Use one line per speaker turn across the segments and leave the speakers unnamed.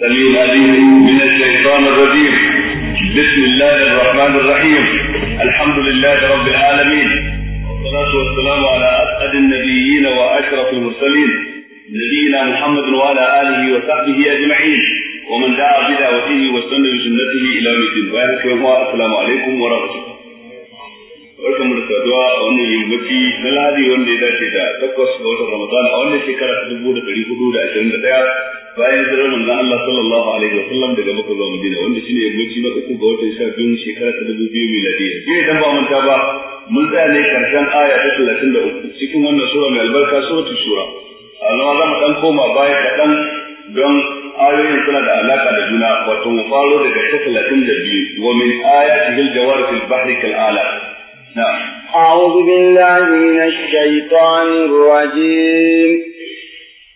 سميع هذه من الشيطان الرجيم بسم الله الرحمن الرحيم الحمد لله رب العالمين والصلاة والسلام على أسعد النبيين وأشرف المرسلين نبينا محمد وعلى آله وصحبه أجمعين ومن دعا بدعوته واستنى بسنته إلى مدين السلام عليكم ورحمة الله barkan mu da saduwa a wannan yammaci na Ladi wanda ya dace da takwas ga watan Ramadana, a wannan shekara ta dubu da dari hudu da ashirin da ɗaya bayan hijirar manzon Allah sallallahu alaihi wa sallam daga Makka zuwa Madina wanda shine yammaci na uku ga watan sha biyu shekara ta dubu biyu miladiyya shi idan ba manta ba mun tsaya ne karshen aya ta talatin da uku cikin wannan sura mai albarka suratul shura a zama za mu ɗan koma baya kaɗan don ayoyin suna da alaka da juna wato mu faro daga ta talatin da biyu wa min ayatil jawar fil bahri kal ala
نعم. أعوذ بالله من الشيطان الرجيم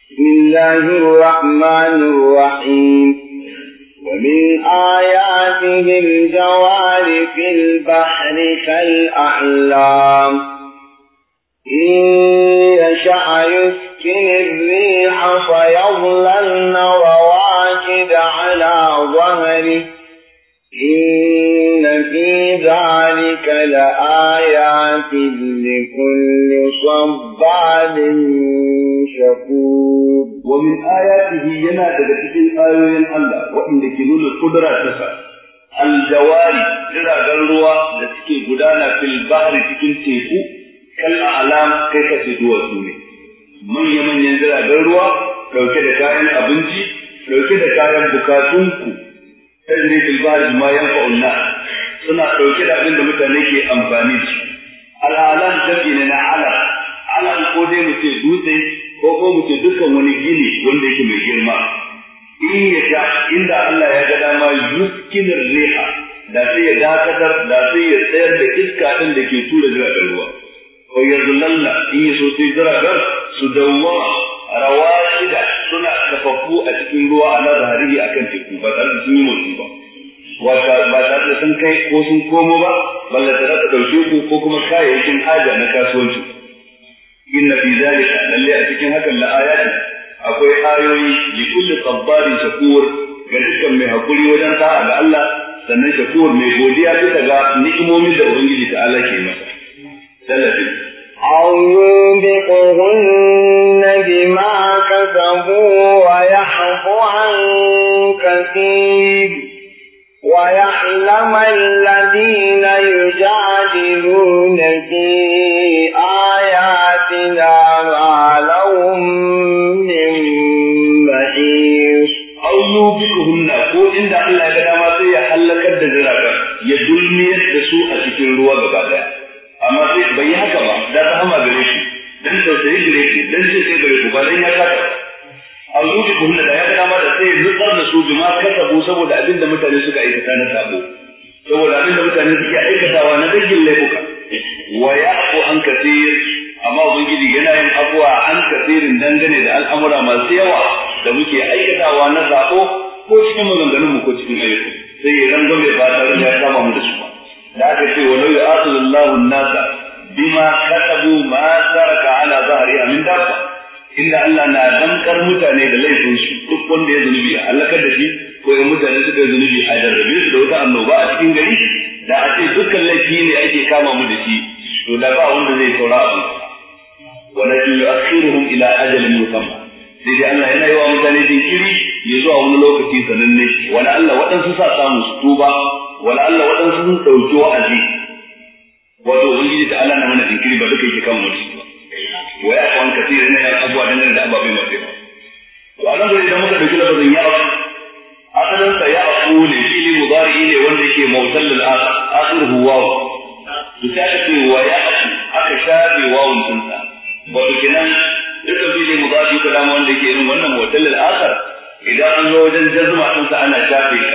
بسم الله الرحمن الرحيم ومن آياته الجوار في البحر كالأعلام إن يشأ يسكن الريح فيظللن رواكد على ظهره إن ذلك لآيات لكل صبار شكور ومن آياته ينا تدكتين آيوين الله وإن لكنون
القدرة تسا الجواري إلى غلوة لتكي قدانا في البحر تكين تيكو كالأعلام كيف تدوى سوني من يمن ينزل غلوة لو كده كائن أبنجي لو كده كائن بكاتونكو تجري في البحر ما ينفع الناس suna ɗauke da abin da mutane ke amfani da shi al'alan dafi ne na ala ala ko dai mu ce dutse ko ko mu ce dukkan wani gini wanda yake mai girma in ya ga inda Allah ya ga dama yuskinar riha da sai ya dakatar da sai ya tsayar da iska ɗin da ke tura jiragen ruwa ko ya zulalla in ya so sai jiragen su dawwa rawa shida suna kafafu a cikin ruwa ala a akan teku ba tare da sun yi motsi ba wata ba tare da sun kai ko sun komo ba balle ta ta ɗauke ku ko kuma kayayyakin haja na kasuwanci inna fi zalika lalle a cikin hakan la ayati akwai ayoyi li kulli sabbarin shakur ga dukkan mai hakuri wajen sa'a ga Allah sannan shakur mai godiya ta ga ni'imomin da ubangiji ta Allah ke
masa tallafi أنبئهن بما كسبوا ويحفو عن كثير ويعلم الذين يجادلون في آياتنا ما لهم من محيص أو يوبكهن ko inda
Allah ga dama sai ya halakar da jiragen ya dulmiyar da su a cikin ruwa gaba daya amma sai bai yi haka ba da rahama gare shi dan tausayi gare shi dan sai sai gare shi ba dan ya saka a zuci kuma da ya zai zubar da su bima kasabu saboda abin da mutane suka aikata na sabo saboda abin da mutane suke aikatawa na dangin laifuka wa ya'fu an kathir amma ubangiji yana yin abuwa an kathirin dangane da al'amura masu yawa da muke aikatawa na sabo ko cikin maganganun mu ko cikin ayyuka sai ya rangwame ba tare da ya kama mu da su ba da aka ce walau ya'atu Allahu an-nasa bima kasabu ma saraka ala zahri min dabba inda Allah na damkar mutane da laifin su duk wanda ya zunubi a halakar da shi ko ya mutane suka yi zunubi a jarrabe su da wata annoba a cikin gari da a ce dukkan laifi ne ake kama mu da shi to da ba wanda zai saura abu walakin yu'akhiruhum ila ajalin musamma sai dai Allah yana yi wa mutane jinkiri ya zuwa wani lokaci sananne Wani Allah waɗansu sa samu su tuba wani Allah waɗansu sun ɗauki wa'azi wato ubangiji ta Allah na mana jinkiri ba duka yake kan mutum tafsiri na yana abuwa dangane da ababai masu yawa to anan gudu idan muka dauki lafazin ya asalin sa ya aku ne fili mudari ne wanda yake mausallal asir asirhu wawu to sai aka ce wa ya aku aka shafe wawun din sa wato kenan dukkan fili mudari ko dama wanda ke irin wannan mausallal asir idan an zo wajen jazma din sa ana shafe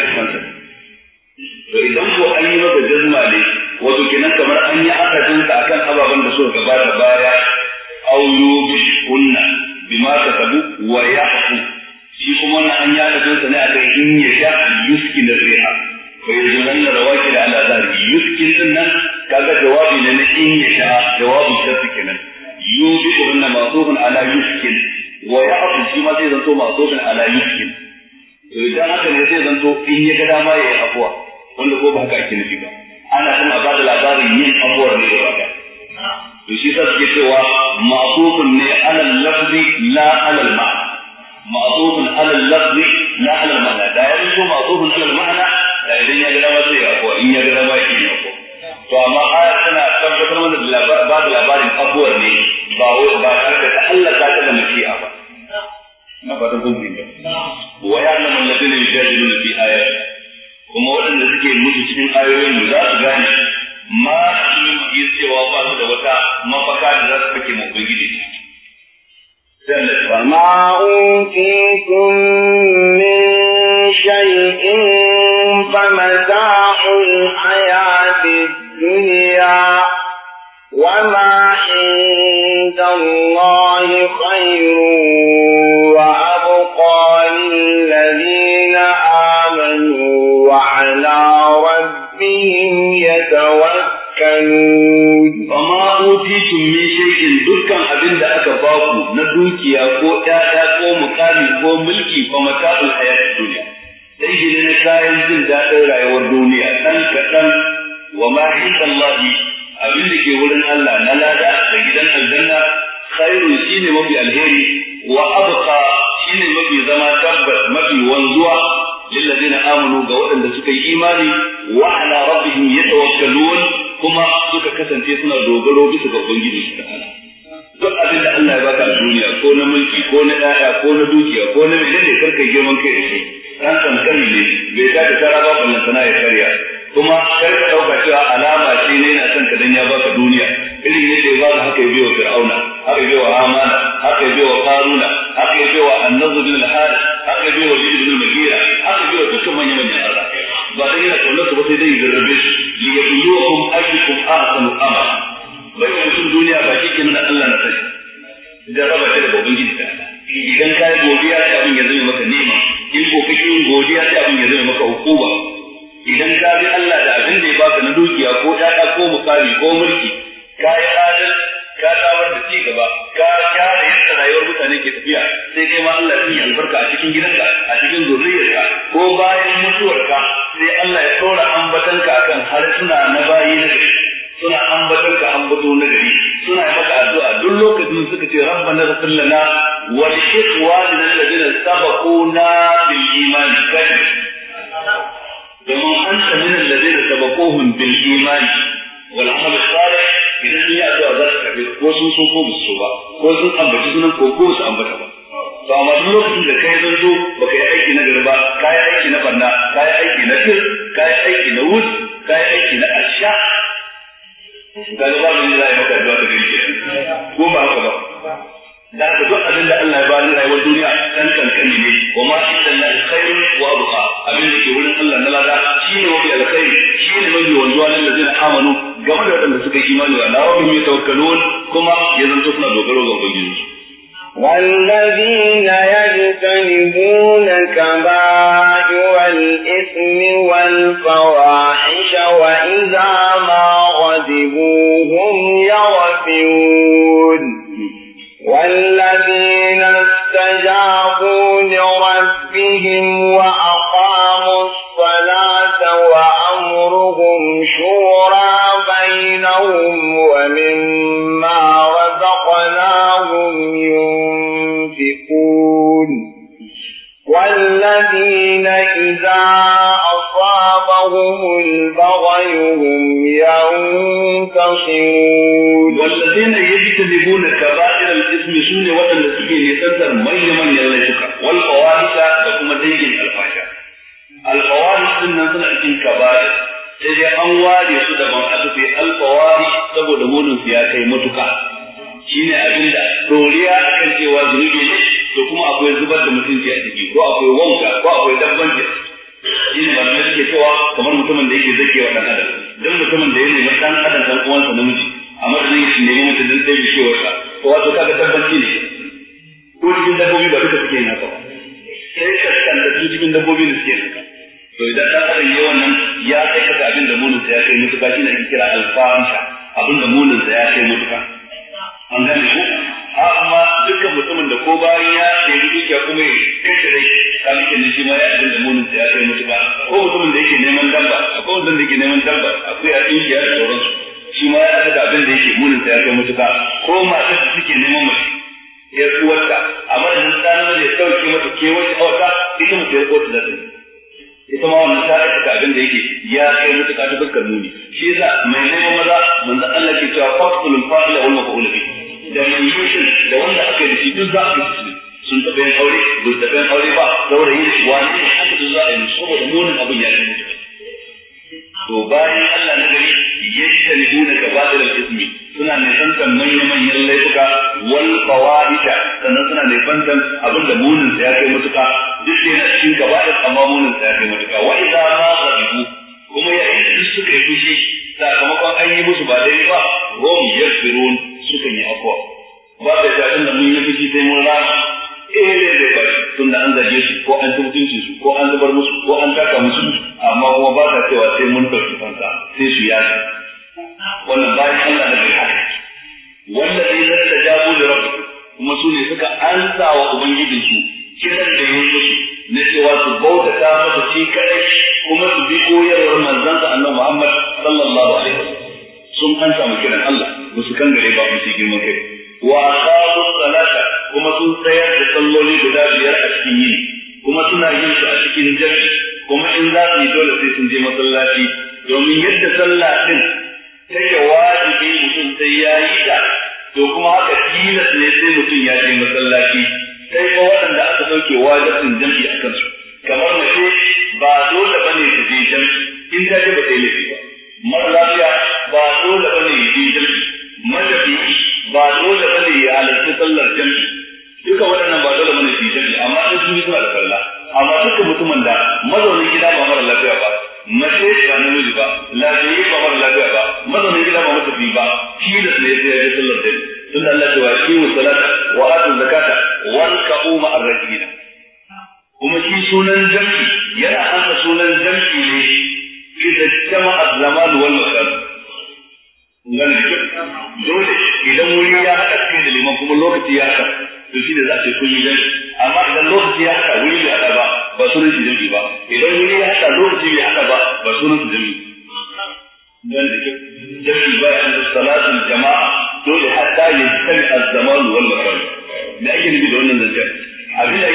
kayan jin daɗin rayuwar duniya ɗan kaɗan wa ma hinda Allah abin da ke wurin Allah na lada da gidan aljanna khairun shine mafi alheri wa abqa shine mafi zama tabbas mafi wanzuwa na amanu ga waɗanda suka yi imani wa ala rabbihim yatawakkalun kuma suka kasance suna dogaro bisa ga ubangiji duk abin da Allah ya baka a duniya ko na mulki ko na ɗaya ko na dukiya ko na menene karka girman kai da shi dan kankani ne bai ta da tara ba ballan sana ya karya kuma kar ka dauka cewa alama ce ne na son ka dan ya baka duniya irin yadda ya baka haka ya biyo fir'auna haka ya biyo amana haka ya biyo qaruna haka ya biyo annazu bin al-harith haka ya biyo bin al-mughira haka ya biyo dukkan manyan manyan arna ba dai yana kaunar su ba sai dai zarrabe su li yabluwakum ayyukum ahsanu amala bai mutum duniya ba shi ke Allah na sani jarraba ta daga ubangiji ta idan ka yi godiya ta abin ya zama maka nema in ko godiya sai abin ya zai maka hukuma idan ka bi Allah da abin da ya baka na dukiya ko ɗaɗa ko mukami ko mulki ka yi adal ka samar da ci gaba
ka kyara yadda rayuwar
mutane ke tafiya sai kai ma Allah ya albarka a cikin gidanka a cikin zuriyarka ko bayan mutuwarka sai Allah ya tsora ambatanka akan harsuna na bayi na suna ambatar ka ambato na gari suna yi maka addu'a duk lokacin suka ce na ghfir lana wa li ikhwanina alladhina sabaquna bil iman kadai domin anta min alladhina sabaquhum bil iman wal amal salih idan sun yi addu'a za su karbi ko sun so ko ba su ba ko sun ambaci sunan ko ko su ambata ba to amma duk lokacin da kai zan zo baka yi aiki na garba ka yi aiki na banna ka yi aiki na fir ka yi aiki na wud ka yi aiki na asha ga ba mu za a yi maka addu'a ko ba haka ba da ka duk abin da Allah ya ba ni rayuwar duniya dan kankani ne wa ma wa abqa abin da ke wurin Allah na lada shine wa shine wanzuwa lil ladina amanu game da wadanda suka imani wa kuma suna dogaro ga ubangiji
والذين
lullafin aure ba saurayi wani haka sun za a yi saboda munin abin ya zama mutum to bayan Allah na gari yadda ni duna gaba da ismi suna nisantar manya-manyan laifuka wal fawahisha sannan suna nisantar abin da munin ya kai mutuka duk da yana cikin gaba da amma munin ya kai mutuka wa جمع بقى الصلاة الجماعة دول حتى يجتمع الزمان والمكان. لأجل بدون النجاح. أبدا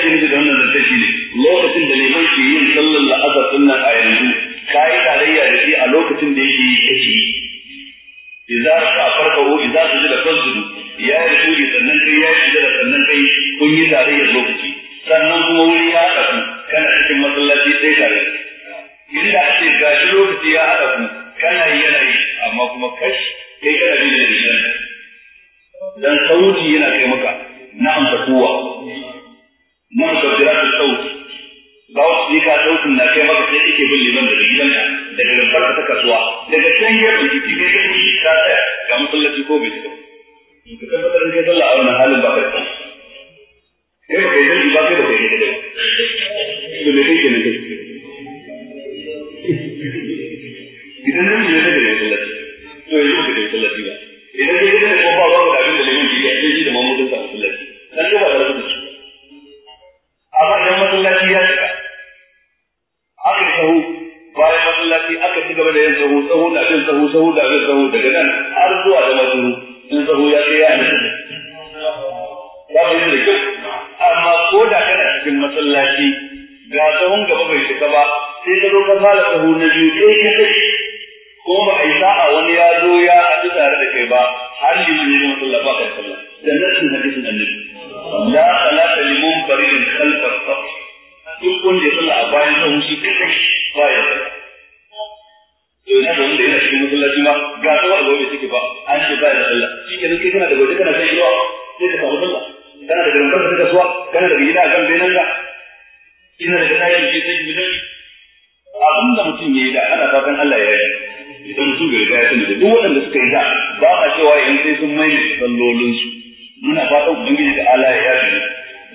muna fata ubangiji da Allah ya yafi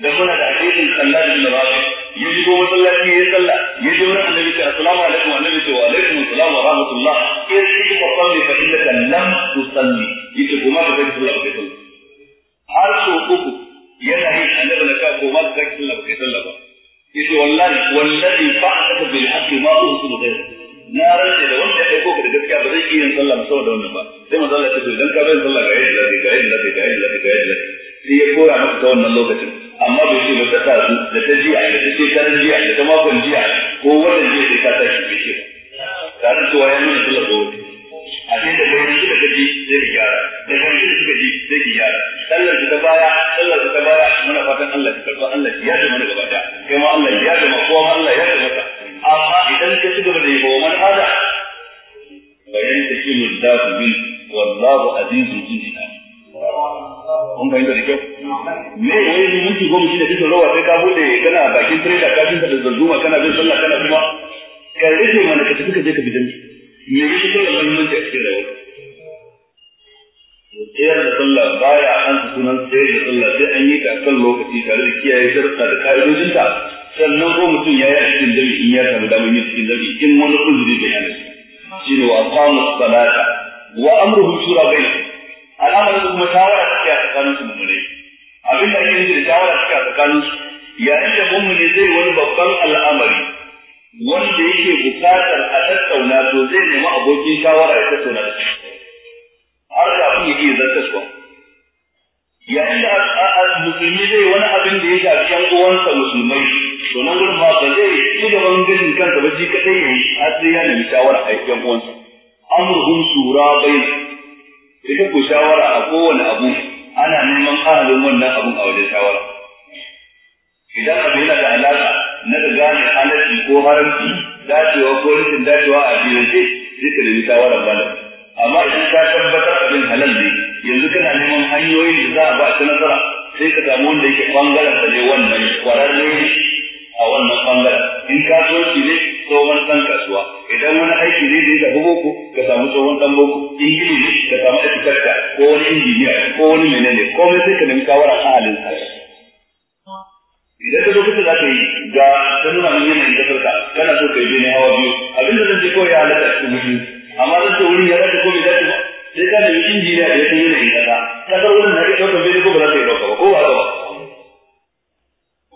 da muna da hadisin sallah da rabi ya shigo masallaci yi sallah yi ji wurin annabi ta assalamu alaikum annabi ta wa alaikum assalam wa rahmatullah in shi ka salli fa innaka lam tusalli yace kuma da kai sallah ka sallah har so uku yana yi annabi da ka kuma da kai sallah ka sallah ba yace wallahi wallahi fa'ata bil haqqi ma usibu ghayra na rantsa da wanda ya aiko ka da gaskiya ba zai iya yin sallah ba saboda wannan ba sai manzo Allah ya ce idan ka zo yin sallah ga yadda zai ga yadda zai ga yadda zai ga yadda sai ya koya maka ta wannan lokacin amma bai ce ba ta sa su da ta jiya da ta shekarar jiya da ta makon jiya ko wannan jiya sai ta tashi bai ce ba tare cewa ya nuna sallah ba wani a cikin da gani suka gaji zai ki gyara da gani da suka ji zai ki gyara sallar ta baya sallar ta baya muna fatan Allah ya karɓa Allah ya ji mana gaba da kai ma Allah ya ji ma kowa Allah ya ji maka amma idan ka ci gaba da yabo man hada bayan ta ce mu da su bin wallahu azizun jinna Mun fahimta da kyau me ya yi minti goma shi da kike rawa sai ka bude kana bakin trader ka tinta da zanzuma kana bin sallah kana kuma ka rike mana ka tafi ka je ka bidan me yake da muhimmanci a cikin rayuwa tsayar da sallah baya an sunan sai da sallah sai an yi ta kan lokaci tare da kiyaye sharuɗa da ka'idojinta sannan ko mutum ya yi cikin jami'i in ya samu damar yin cikin jami'i in wani uzuri da yana shi ne wa kwanu salata wa amruhum shura alamar al'amarin kuma shawara suke a tsakanin su mummune abin da ake nufi da shawara suke a tsakanin su yi da mummune zai wani babban al'amari wanda yake bukatar a tattauna to zai nemi abokin shawara ya tattauna da shi har kafin ya iya zartaswa yi da musulmi zai wani abin da ya shafi yan uwansa musulmai to nan gurin ma ba zai ci gaban ganin kansa ba ji kadai ya yi har sai ya nemi shawara a yankin uwansa amurhum sura bai da ku shawara a kowane abu ana neman ahalin wannan abun a wajen shawara idan abu yana da alaƙa na da gane halarci ko haramci dacewa ko rikin dacewa a biyance sai ka nemi shawara malam amma idan ka tabbatar abin halal ne yanzu kana neman hanyoyin da za a ba ta nasara sai ka samu wanda yake bangaren sa ne wannan kwararre a wannan bangaren in kasuwanci ne tsohon ɗan kasuwa idan wani aiki ne da ya boko ka samu tsohon ɗan boko in gini ne ka samu ɗan ko wani injiniya ko wani menene komai sai ka nemi kawara a halin sa idan ka zo kusa za ka yi ga ta nuna min yanayin kasar kana so ka yi bene hawa biyu abinda zan ce kawai ya halatta cikin mutum amma zan ce wuri ya halatta ko bai dace ba sai ka nemi injiniya da ya san yanayin kasa kasar wurin na iya ɗaukar bene ko ba za ta yi ɗauka ba ko ba ba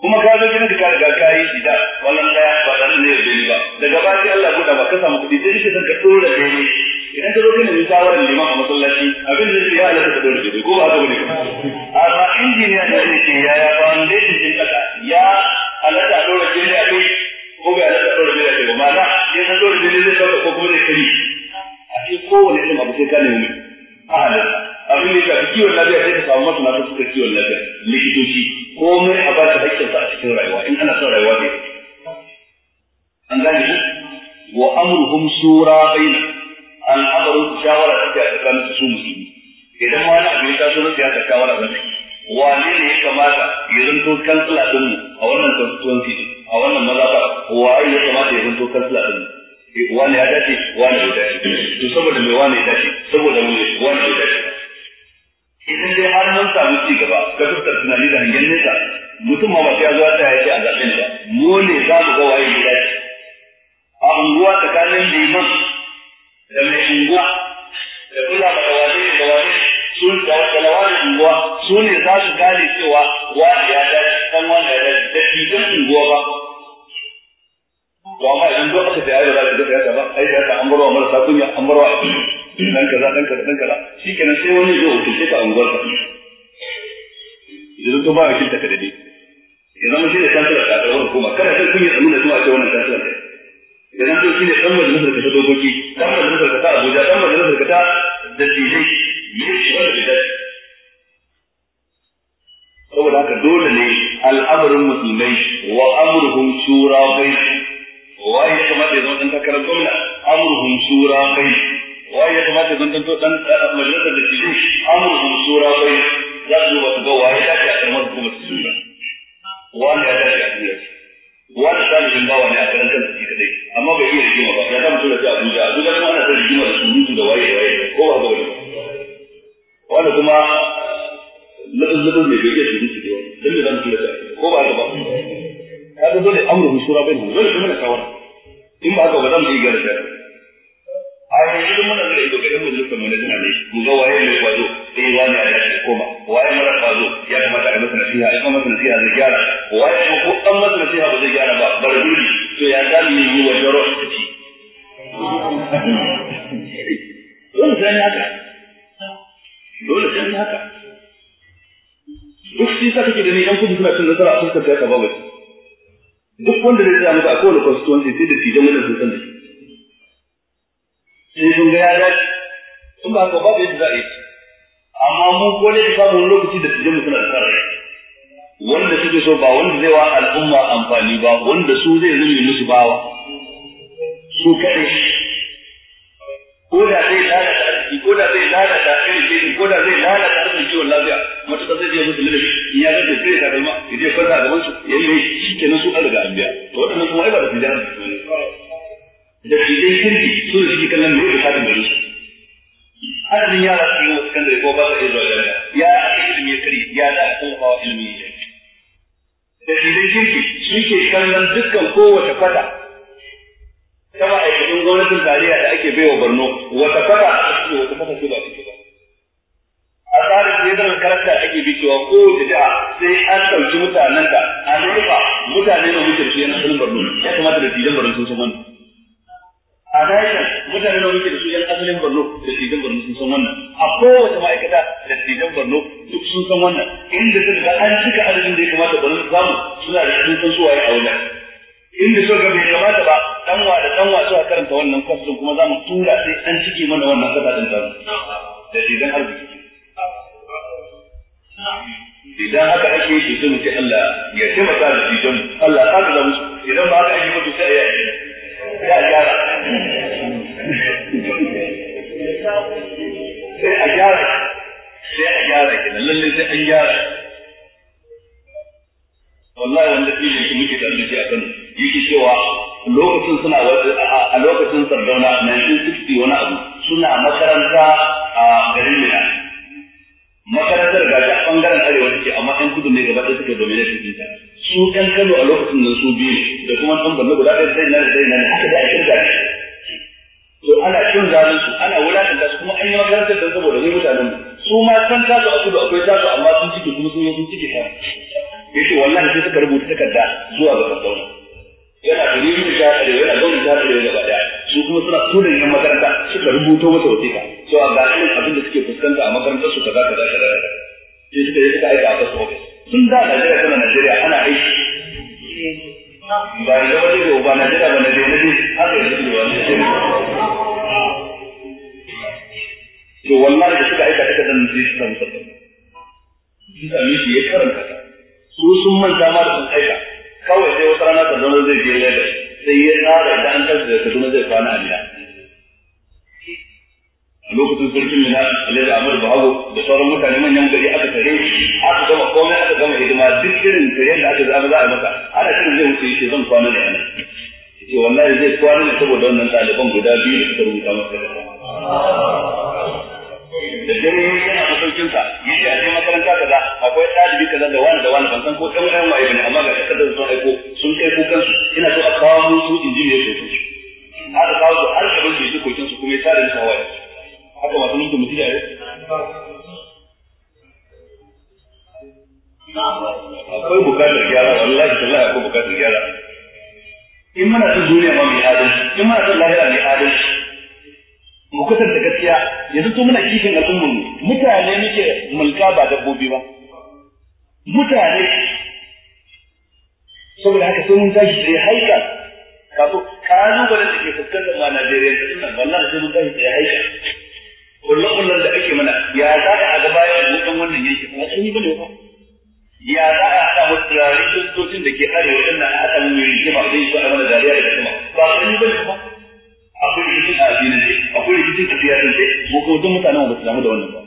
kuma ka zo gidanka ka riga ka yi shi da wannan daya ba da ne da ba daga ba sai Allah guda ba ka samu kudi da shi ka tsora da ne idan ka zo kana yi shawarar liman a masallaci abin da ya Allah ka dole ne ko ba ka bane
amma injiniya da
ne ke ya ya ban da shi din kasa ya alaka a tsora da ne a kai ko bai alaka tsora da ne ma na ya san tsora da ne zai ka ko kuma zai kari a ce ko irin abu mabuke ka ne ne a halatta abin da ya shafi kiwon lafiya sai ka samu masana suka kiwon lafiya likitoci komai a ba shi a cikin rayuwa in ana son rayuwa ne an gane shi wa amruhum shura baina al'amarin shawara da ta tsakanin su musulmi idan wani na ya ta na ta shawara za ta yi wane ne ya kamata ya zanto kansila din a wannan constituency a wannan wa ai ya kamata ya zanto kansila din eh, Wane ya dace Wane ya dace to saboda mai wani ya dace saboda mai wane ya dace idan dai har mun samu ci gaba ga dukkan tunani da hangen nesa mutum ma ba ta zuwa ta yake a zaɓen ba mu ne za mu ga waye gida a unguwa tsakanin liman da mai unguwa da kula da wani da wani su da talawa da unguwa su ne za su gane cewa wani ya da kan wanda ya da cikin unguwa ba to amma idan duk aka ta yi da ya ta ba ai da ta an barwa marasa kunya an Eh, dan kaza dan kaza dan kaza shikenan sai wani zo wakilce ka unguwar ka idan to ba wakilta ka ne. ya zama shi ne kansila ka da wannan kuma kada sai kun yi tsammanin zuwa ce wannan kansila ne ya zama shi ne dan majalisar ka ta dokoki dan majalisar ka ta Abuja dan majalisar ka ta dattijai me shi wannan da saboda haka dole ne al'amarin musulmai wa amruhum shura bai wai kamar da zama dan takarar gwamna amruhum shura bai wai ya kamata zan tanto dan majalisar da ke amurhum sura bai za su ba su ga waye ya ce a kan wani kuma su wani ya dace a duniya wani salihin bawa ne a karan kansa shi kadai amma bai iya rigima ba ya kama tura ta abuja abuja kuma ana ta rigima da surutu da waye waye ko ba ga wani wani kuma eh, lafin mai bai iya surutu da wani dan da zan tura ta ko ba ga ba kaga dole amurhum sura bai ne dole kuma da kawar in ba haka ba zan iya gara a yanzu muna da ido ga mu zuwa mun da ne mu ga waye mai kwazo eh wani ya shi koma waye mara kwazo ya kamata a masa nasiha ya masa nasiha zai gyara waye ko an masa nasiha ba zai gyara ba barburi to ya ga ni ni wa daro ta ci dole sai haka dole sai haka duk shi sa kake da ni yan kudu suna cin nasara a fuskar ta ka babu duk wanda zai tsaya maka a kowane constituency sai da tijan wannan sun san da shi in eh, sun ga ya ba haka babu yadda za a yi amma mun ko da ba lokaci da tijin suna da sarari wanda suke so ba wanda zai wa al'umma amfani ba wanda su zai zame musu bawa su kaɗai ko da zai lalata arziki ko da zai lalata irin ko zai lalata arzikin kiwon lafiya matuƙa zai je musu lalabi in ya zai sai ta kalma ya je farka gaban su ya yi shi kenan su an riga an biya to waɗannan kuma ai ba da tijin da fitan kirki su da suke kallon mai bukatar mai su Arzikin yara su yi wa sakandare ko ba su iya zuwa jami'a ya a ilimi ya kari ya da tallafa wa ilimi ya da fitan kirki suke kallon dukkan kowace kwata ta ma'aikatan gwamnatin tarayya da ake baiwa Borno wata kwata a cikin wata kwata ce ba su ba a tsarin yadda karanta ake bi cewa ko da da sai an ɗauki mutanen da a nufa mutane na mutum shi yana sunan Borno ya kamata da tijan Borno sun san wannan a rayuwar mutane na muke da su yan asalin borno da tijan borno sun san wannan a kowace ma'aikata da tijan borno duk sun san wannan inda suka ga an cika adadin da ya kamata borno su samu suna da sun san suwaye a wajen inda suka ga bai kamata ba danwa da danwa suka karanta wannan kwasu kuma za mu tura sai an cike mana wannan kasa din da da tijan arziki idan haka ake yi to sai ce Allah ya taimaka da tijan Allah ya kada musu idan ba haka ake mutu sai ya yi ya a gyara sai a sai an shi ne da a kan lokacin suna a lokacin 1960 wani abu suna makaranta a bangaren arewa take amma ɗan kudu ne gaba ɗaya domin dominate ɗinta su ɗan kano a lokacin nan su biyu da kuma ɗan banna guda ɗaya da na da haka da ake gani to ana cin zalun su ana wulakanta su kuma an yi makarantar da saboda ne mutanen su ma san tasu a kudu akwai tasu amma sun cike kuma sun yi sun cike ta ce wallahi sai suka rubuta takarda zuwa ga sardauna yana dalilin da ta da yana gwamnati ta da gaba daya su kuma suna tura yin makaranta suka rubuto masa wasiƙa to a ga abin da suke fuskanta a makarantar su kaza kaza kaza sai suka yi suka aika a sun da Najeriya tana Najeriya ana aiki ba da gaba da ba Najeriya ba Najeriya ne haka yanzu ne wani to wallahi da suka aika ta dan sai suka mutu sun sami shi ya karanta su sun manta ma da sun aika kawai sai wata rana ta zama zai je Lagos sai ya tsara da an tabbata da kuma zai kwana a gida lokacin sarkin mina da amur bahago da sauran mutane manyan gari aka tare aka gama komai aka gama hidima duk irin karyar da aka zama za a maka ana cikin zai wuce yake zan kwana da yana ce wallahi zai kwana ne saboda wannan ɗaliban guda biyu da suka rubuta masa da da dare yana masaukin sa yace a cikin makaranta kaza akwai ɗalibi kaza da wani da wani ban san ko ɗan wani waye ne amma ga kasar da sun aiko sun kai kukan su ina so a kawo musu injiniyar sosai har kawo su har gaban su kokin su kuma ya tare musu hawaye haka ba sunan ki mutum
akwai bukatar gyara
wallahi tallahi akwai bukatar gyara in muna son duniya ma mai adalci in muna son lahira mai adalci mu kasance gaskiya yanzu to muna kishin al'ummar mu mutane muke mulka ba dabbobi ba mutane saboda haka sai mun tashi sai haika ka zo kalubalen da ke fuskantar ma Najeriya da sunan wallahi sai mun tashi sai haika kullu kullun da ake mana ya za a ga bayan hutan wannan yanki ba sun yi bane ba ya za a haɗa musu turare kiristocin da ke arewa din nan a haɗa mu mai rigima zai a mana dariya da kuma ba sun yi bane ba akwai rikicin a addinin ne akwai rikicin tafiya siyasan ne mu kuma duk mutanen ba su samu da wannan ba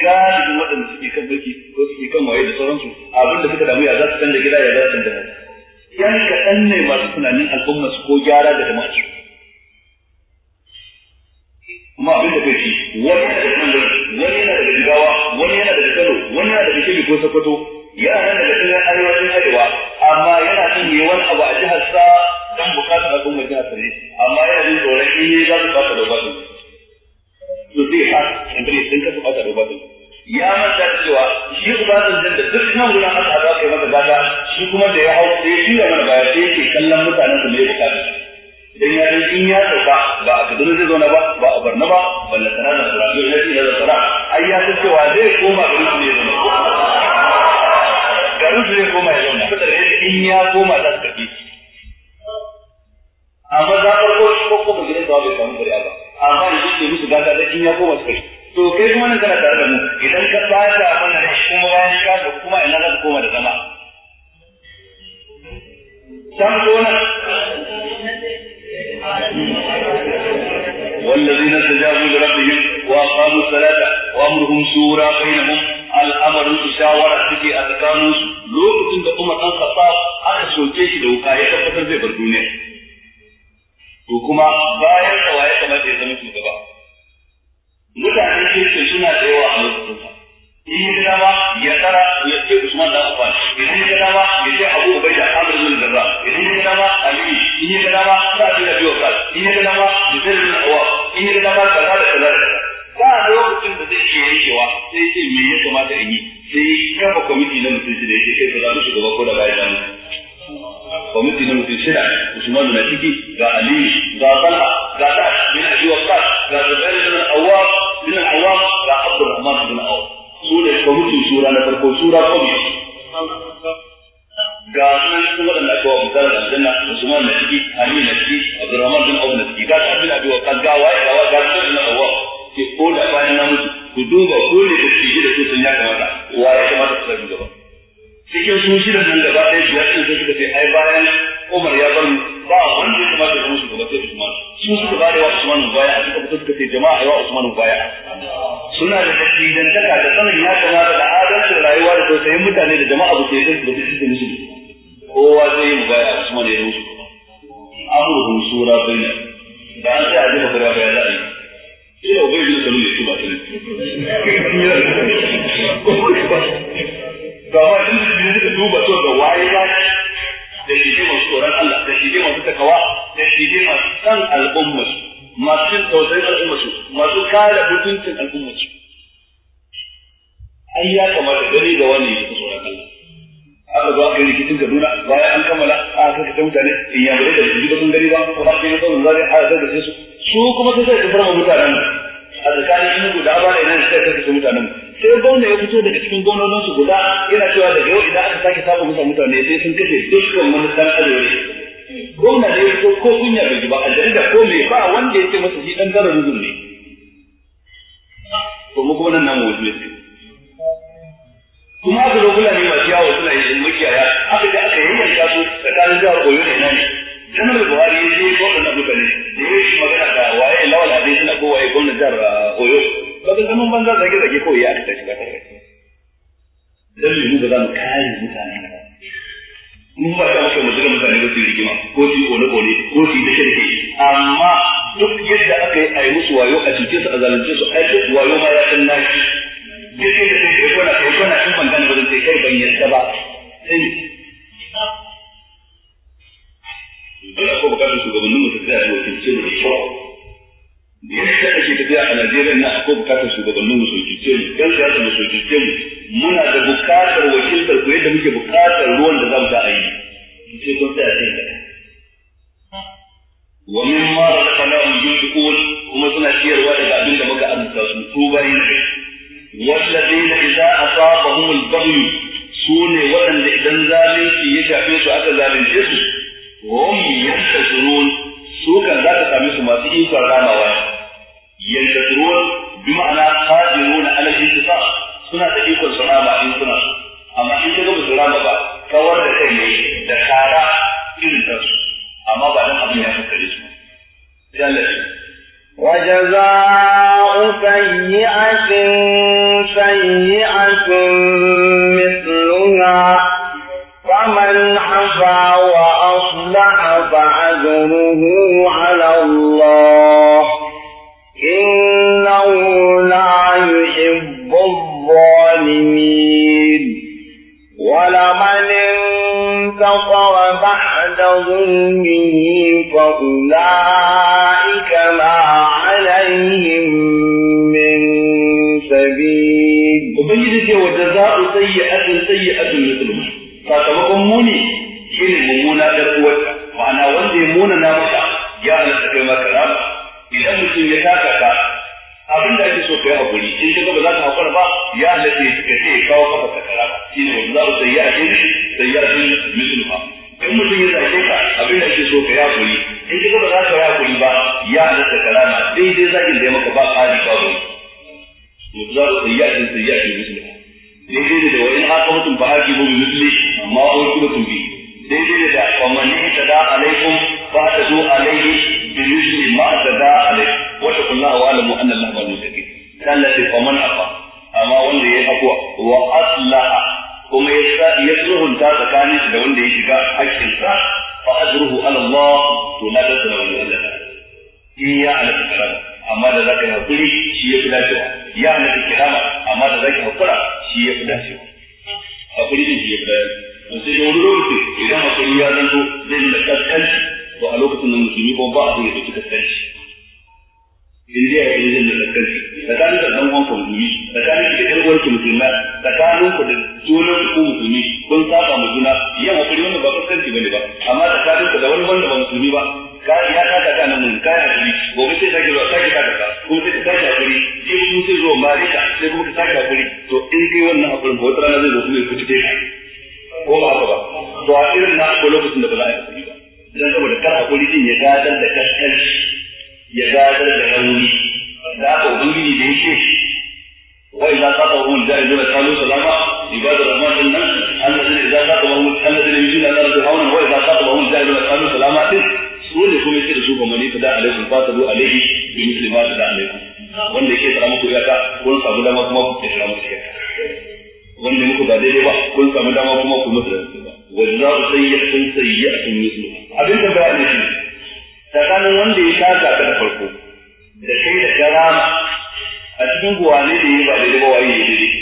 galibin waɗanda suke kan barki ko suke kan waye da sauransu abinda suka damu ya za su canza gida ya za su canza yan ɗan ne masu tunanin al'umma su ko gyara da jama'a ma abin da kai wani yana da kullum wani yana da jigawa wani yana da kano wani yana da kebe ko sokoto yana nan daga cikin arewacin arewa amma yana son yi wani abu a jihar sa don bukatar abin da jihar sa amma yana jin tsoron in yi za su fata da batun to zai ha in bari sun kasu fata da batun ya manta cewa shi ubatan da duk nan guda aka haɗa kai mata gada shi kuma da ya hau sai shi ya mana baya sai ke kallon mutanen su ne bukatar idan ya rin in ya sauka ba a kaduna zai zauna ba ba a barna ba ballan sana da sana yau yake da sana ai ya san cewa zai koma garin su ne zama garin su ne koma ya zauna saboda in ya koma za su san al'ummar masu tausayin al'ummar masu kare mutuncin al'ummar ai ya kamata gani da wani ya kusa Allah aka zuwa kai rikicin rikicin Kaduna baya an kammala a aka ta mutane iyamurai da da sun gani ba ko ba kai son zare a zai da su su kuma sai su fara mutanen a tsakanin ba da Abara sai ka mutanen sai gwamna ya fito daga cikin gwamnonin su guda yana cewa daga yau idan aka sake samun mutane sai sun kace dukkan wani dan arewa goma da ya ko kunya bai ba a jarida ko mai ba wanda ya ce masa shi dan garar rujun ne to mu kuma nan namu wasu ne kuma aka zo fulani masu yawon suna yin makiyaya haka da aka yi yanka su tsakanin jawar koyo da nan da buhari ya je ko da mutane da ya yi magana da waye lawal hadin suna ko waye gwamnatin jihar koyo uh, kaga zaman banza zage zage ko ya aka tashi ba tare da mu ba za mu kare mutane ba mun ba ta suka mutu da mutane da su rigima ko su kone kone ko su da shirki amma duk yadda aka yi a yi musu wayo a cuce a zalunce su ai duk wayo ma ya san naki duk yadda sai kai kona kai kona in ban gane ba zan sai kai ban yadda ba sai Allah ko bukatar shugabannin mu ta tsaya da wakilce mu da kyau yadda ake tafiya a Najeriya na akwai bukatar shugabannin mu sojice mu yan siyasa mu sojice mu muna da bukatar wakiltar ku yadda muke bukatar ruwan da za mu a yi sai kun tsaya sai ka wa min ma razaqnahum kuma suna ciyarwa daga abin da muka amsa su to bayin والذين إذا أصابهم البغي سوني وأن إذا ذلك يشافي سؤال ذلك su ينتصرون sukan za ta same su masu ikon ramawa yantasirun bi ma'ana qadirun ala intisar suna da ikon su rama in suna so amma in kaga ba su rama ba kawar da kai ne da kara irin ta su amma ba dan abin ya fakare su sai Allah
shi وجزاء سيئة سيئة
hakuri ya gadar da kaskanci ya gadar da rauni da aka ubangiji da yake wai za ka tawo mun da idan kalu salama ibadu rahman din nan annabi da za ka tawo mun annabi da yujina da rahman wai za ka tawo mun da idan kalu salama din su ne kuma yake da su ba mani da alaikum fasadu alaihi bi muslimat da alaikum wanda yake tsara muku iyaka kun samu dama kuma ku tsara muku iyaka wanda muku ba daidai ba kun samu dama kuma ku mutu da ba wajza sayyi'atun sayyi'atun mislu abin da ba ne tsakanin wanda ya shaka ta da farko da kai da garama a cikin guwane da yi ba da ba waye ya daidai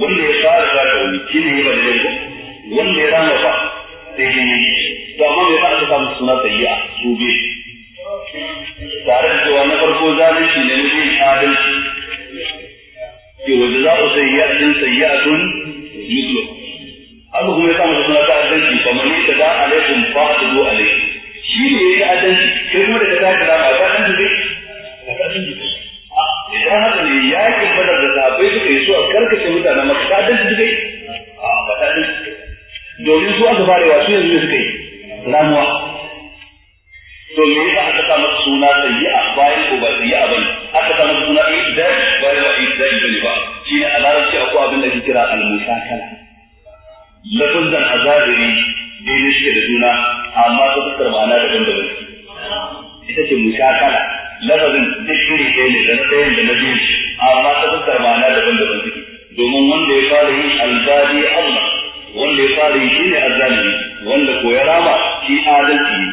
wanda ya fara shaka wani shi ne ya ba da daidai wanda ya rama ba yi ne to amma bai fara saka musu suna sayya su biyu tare da cewa na farko shi ne na yin adalci ke wanda za ku sayya sayi a tun mutuwa haka kuma ya samu da suna za a ba a zo a shi ne ya ta sai kuma da ta na ba ɗan da zai ka ɗan da ah, idan haka ne yi badar da sahabbai suka yi zuwa karkace mutanen maka ta da kai a ah, ba ta domin su aka farewa su yanzu suka yi ramuwa to me yasa aka sa masa suna a bayan ko ba sayyi'a bane aka sa masa suna idan bayan ba idan bane ba shi ne a larabci akwai abin da ke kira al-musakala lafazan azabiri daidai suke da juna amma ta fuskar ma'ana daban daban ita ce mushakala lafazin duk shiri ɗaya ne da na ɗayan da na biyu amma ta fuskar ma'ana daban daban suke domin wanda ya fara yi albadi Allah wanda ya fara yi shine azzalimi wanda ko ya rama shi adalci ne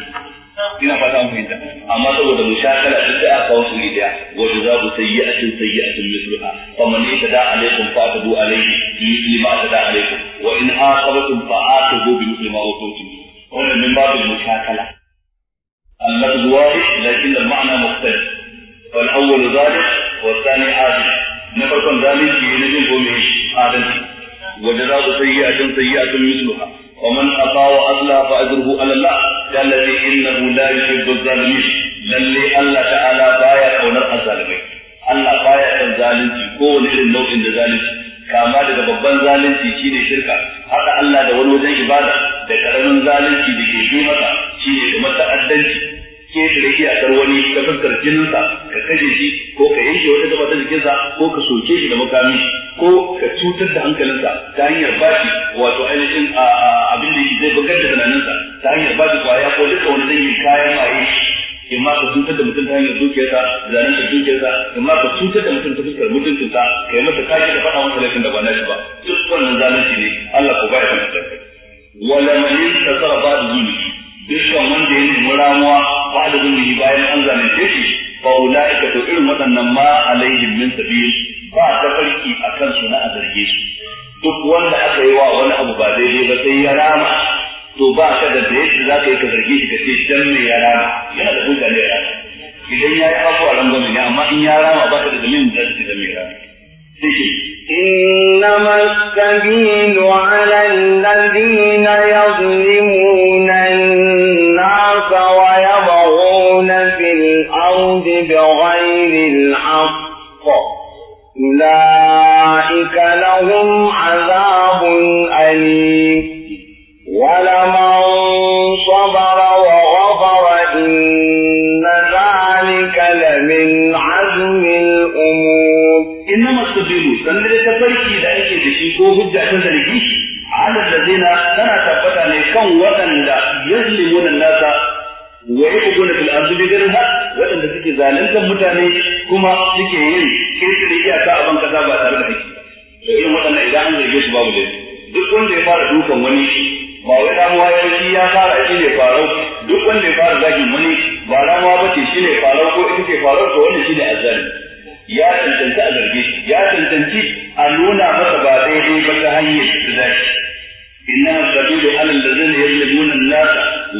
ina fata an fahimta. amma saboda mu sha kala duk da aka wasu ne da wato za ku sayi sayi a sayyatin sayyatin misluha fa man yi da alaikum fa ta bu alaihi fi fi ma da alaikum wa in ha sabatum fa a ta bu bi musulma wa kuntum wannan min ba mu sha kala Allah zuwa wahid lakin da ma'ana muktali wal awwal zalik wa thani adi na farkon zalik ne ne ko me adan wa da za ku sayi sayi a sayyatin sayyatin misluha ومن أطاع أصلح allah, على الله قال إنه لا يحب lallai Allah Ta'ala تعالى بايا a الظالمين Allah baya son zalunci kowane irin nau'in da zalunci kama daga babban zalunci shine shirka haɗa Allah da wani wajen ibada da karamin zalunci da ke masa shine kuma ta'addanci ketare iya wani ka fuskar jininsa ka kashe shi ko ka yanke wata gaba ta jikinsa ko ka soke shi da makami ko ka cutar da hankalinsa ta hanyar bashi wato ainihin abin da zai bugar da tunaninsa ta hanyar bashi kwaya ko duka wani dangin kayan maye in ma ka cutar da mutum ta hanyar dukiyarsa zanen da dukiyarsa in ma ka cutar da mutum ta fuskar mutuntunsa ka yi masa kashi da faɗa masa laifin da ba na shi ba duk wannan zalunci ne Allah ko ba ya san da kai wala man ba da zulmi dukkan wanda ya nemi ramuwa ba da zulmi bayan an zalunce shi fa ulaika to irin waɗannan ma alaihim min sabil ba ta farki kan suna na azarge su duk wanda aka yi wa wani abu ba daidai ba sai ya rama to ba ka da da yadda za ka yi ka zarge shi ka ce dan me ya rama yana da hujja ne ya rama idan ya yi a rangon ne amma in ya rama ba ka da dalilin da
zai da. ce dan me ya rama إنما السبيل على الذين يظلمون أولئك لهم عذاب أليم ولمن صبر وغفر إن ذلك لمن عزم الأمور إنما السبيل سنرى تفريكي لأيك تشيكو هجة تنزلكي
على الذين سنة تبتني كم وطن يظلمون الناس ويحبون في الأرض بغير waɗanda suke zaluntar mutane kuma suke yin kirkiri iya a ban kaza ba tare da haƙƙi irin waɗannan idan an zarge su babu laifi duk wanda ya fara dukan wani ba wai damuwa ya yi ya fara shi ne farau duk wanda ya fara zagin wani ba damuwa ba ce shi ne farau ko ita ce farau ko wanda shi ne azzali ya tantance a zarge shi ya tantance a nuna masa ba daidai ba ta hanyar da zaki إنما السبيل على الذين يظلمون الناس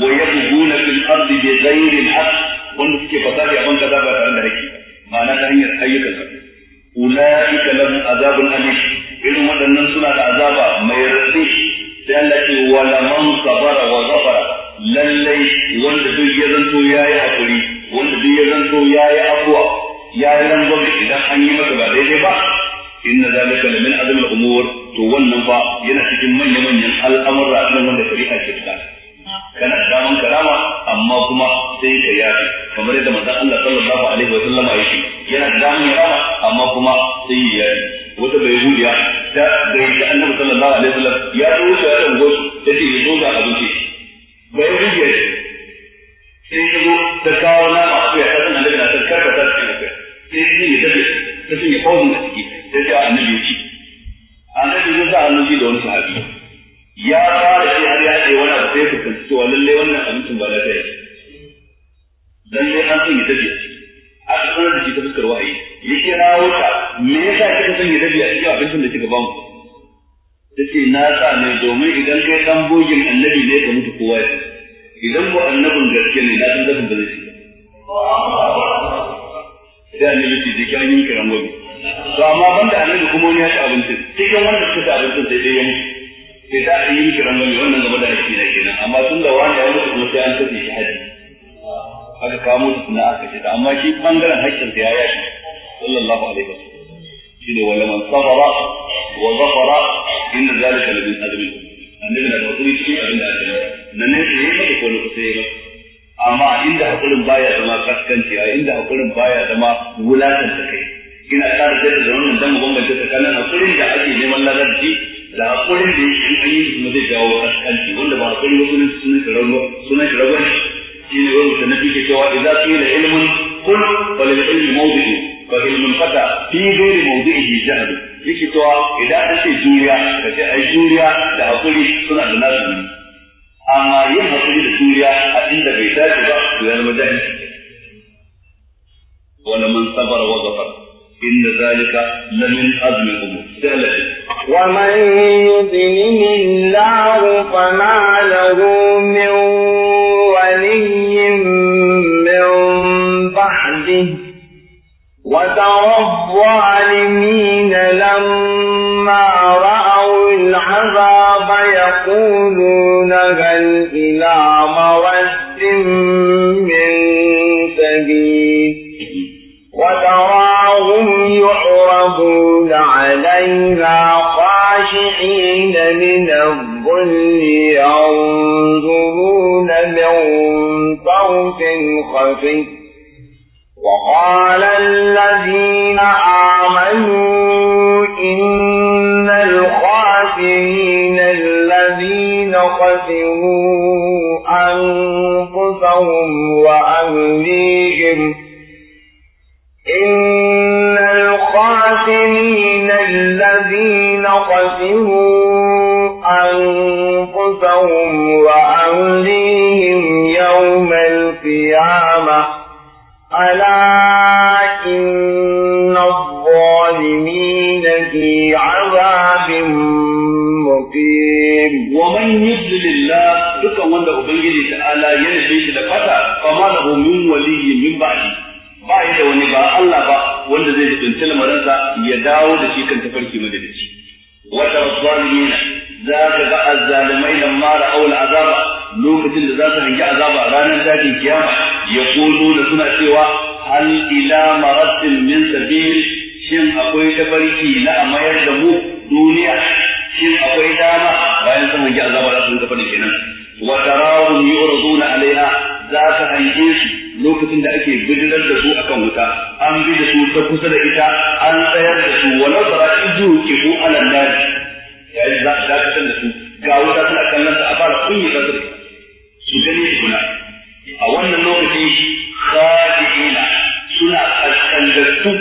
ويبغون في الأرض بغير الحق wanda suke fasadi a kaza ba tare da haƙƙi ma'ana ta hanyar ayyukan ulai ka lam azabun alim irin waɗannan suna da azaba mai rafi sai Allah ce wa laman sabara wa zafara lallai wanda duk ya zanto yayi hakuri wanda duk ya zanto yayi afwa yayi rangwame idan an yi masa ba daidai ba inna zalika min azmil umur to wannan fa yana cikin manya-manyan al'amura nan wanda shari'a ke ta kana da daman karama amma kuma sai ka yafi kamar yadda manzon Allah sallallahu alaihi wa sallama yake yana da daman karama amma kuma sai ya yafi wata bai hudiya ta da yake Annabi sallallahu alaihi wa sallam ya zo shi ya dango shi take ya zo da abinci bai hudiya sai ta zo ta kawo nama a ya ta san Annabi na san karka ta cikin kuya sai shi ne take ta cinye kawun da ciki sai ta Annabi ya ci Annabi ya sa annabi da wani sahabi ya fara shi har ya ce wani abu sai ka cewa lallai wannan abincin ba lafiya yake lallai an son ya dabi a cikin da shi ta fuskar wahayi ya kira wuta me yasa kika son ya dabi a cikin abincin da kika ba mu ta ce na sa ne domin idan kai dan bogin annabi ne ka mutu kowa ya idan mu annabin gaske ne na san zafin ba zai sai annabi ce je kiran yin kiran gobe to amma banda annabi kuma wani ya ci abincin cikin wanda suka ci abincin sai dai ya mutu sai da an yi miki rangwame wannan game da haƙƙi na kenan amma tun da wani ya mutu kuma sai an tafi shi haji haka kawo mutu suna aka ce amma shi bangaren haƙƙin ya yashi sallallahu alaihi wa sallam. shi ne wala man sabara wa zafara inna zalika lamin azmi annabi na da hakuri cikin abin da aka yi na ne sai ya ko na kusa ya maka amma inda hakurin baya zama kaskanci a inda hakurin baya zama ta kai ina ƙara da wannan dan mu bambance tsakanin hakurin da ake neman ladarci da hakurin da yake an yi kuma zai jawo kaskanci wanda ba hakuri ba sunan sunan shirarwa sunan shi ne wani mutum na fike cewa idan su yi da ilimin kun wani da ilimin mawdu'i ba ilimin fata fi gairi mawdu'i jihadi yake cewa idan an ce juriya ka ce ai juriya da hakuri suna da nasu ne amma yin hakuri da juriya a inda bai dace ba to ya zama jahilci wala man sabara wa ghafara inna zalika lamin azmi umur
sai ومن يضلل الله فما له من ولي من بعده وترى الظالمين لما رأوا العذاب يقولون هل إلى مرد من سبيل وتراهم يعلمون عليها خاشعين من الظل ينظرون من فوق خفي وقال الذين آمنوا إن الخاسرين الذين خسروا أنفسهم وأهليهم إن الخاسرين الذين خسروا أنفسهم وأهليهم يوم القيامة ألا إن الظالمين في عذاب مقيم
ومن يضلل الله دكا وند أبنجي تعالى ينفيش لفتا فما له من ولي من بعده ba ya da wani ba Allah ba wanda zai jibinci lamarinsa ya dawo da shi kan tafarki madadaci wata zalimina za ka ga azzalimai da mara aula azaba lokacin da za su hangi azaba ranar dajin kiyama ya kono da suna cewa hal ila maratin min sabil shin akwai tafarki na a mayar da mu duniya shin akwai dama bayan sun hangi azaba za su rinka faɗi kenan wa tarawun yu'raduna alaiha za ka hange su lokacin da ake bijirar da su akan wuta an bi da su ta kusa da ita an tsayar da su wa nazara idu ke ko alan nari ya yi za ka san da su ga wuta suna kallon ta a fara kunyi ta su su gani su kula a wannan lokacin khadijina suna kaskandattu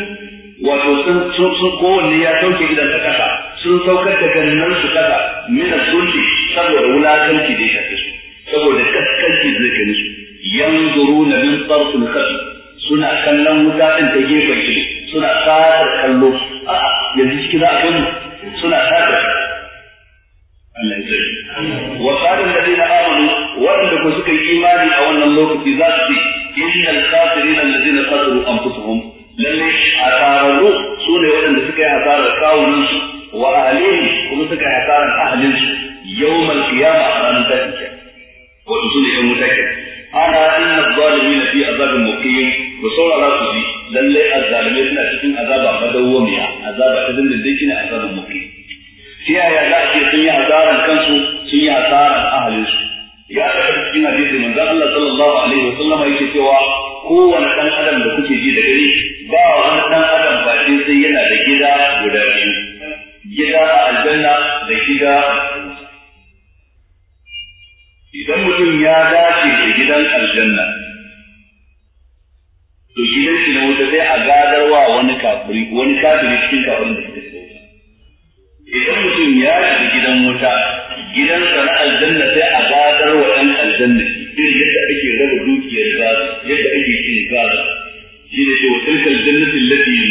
wato sun sun kowanne ya sauke idan ta kasa sun saukar da gannan su kasa mina sulli saboda wulakanci da ya shafe su saboda kaskanci da zai su yanzuruna min tarfil khafi suna kallon wuta din ta gefen shi suna sakar kallo a yanzu ciki za a gani suna sakar Allah ya tsare wa qala alladhina amanu wanda ko suka yi imani a wannan lokaci za su ce na khasirina an khasiru anfusahum lalle a asararu su ne waɗanda suka yi kawunan kawunansu wa ahlihim kuma suka yi asarar Yau yawmal qiyamah a ranar tashin kiyama wato ne ɗan wuta ana inna zalimin fi azabin muqim ku saurara su ji lalle azalimin suna cikin azaba madawwamiya azaba ta dindindin ne azabin muqim shi ya ya dace sun yi azaran kansu sun yi hasaran ahalinsu ya ta cikin hadisi manzo Allah sallallahu alaihi wa sallam yake cewa kowane dan adam da kuke ji da gari ba wani dan adam ba sai yana da gida guda biyu gida a aljanna da gida idan mutum ya dace da gidan aljanna to gidan shi na wuta zai a gadarwa wani kafiri wani kafiri cikin kafirin da suke shiga idan mutum ya shiga gidan wuta gidan na aljanna sai a gadarwa ɗan aljanna irin yadda ake raba dukiyar gaza yadda ake cin gaza shi ne ce wa tilkal jannatin lafiya.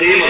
same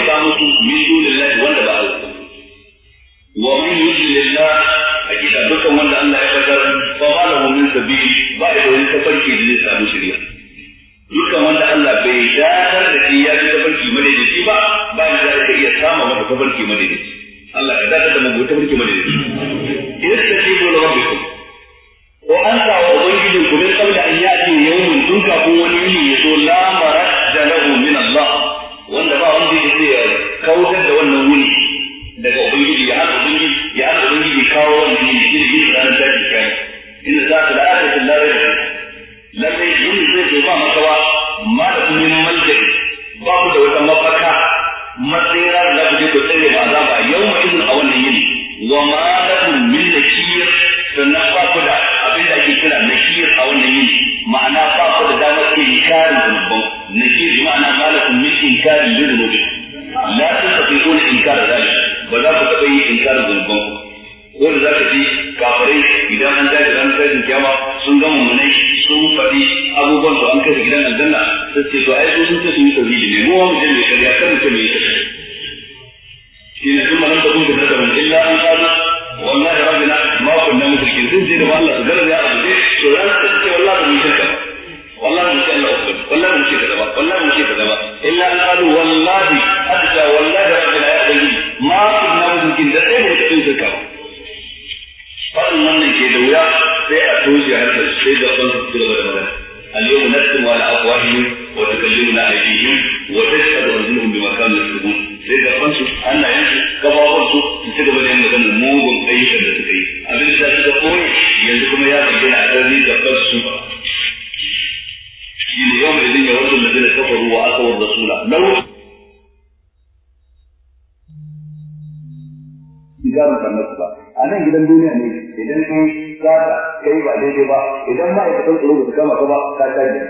duniya ne idan kai za ka yi ba daidai ba idan ba ma'aikatan tsaro ba su kama ka ba ka tashi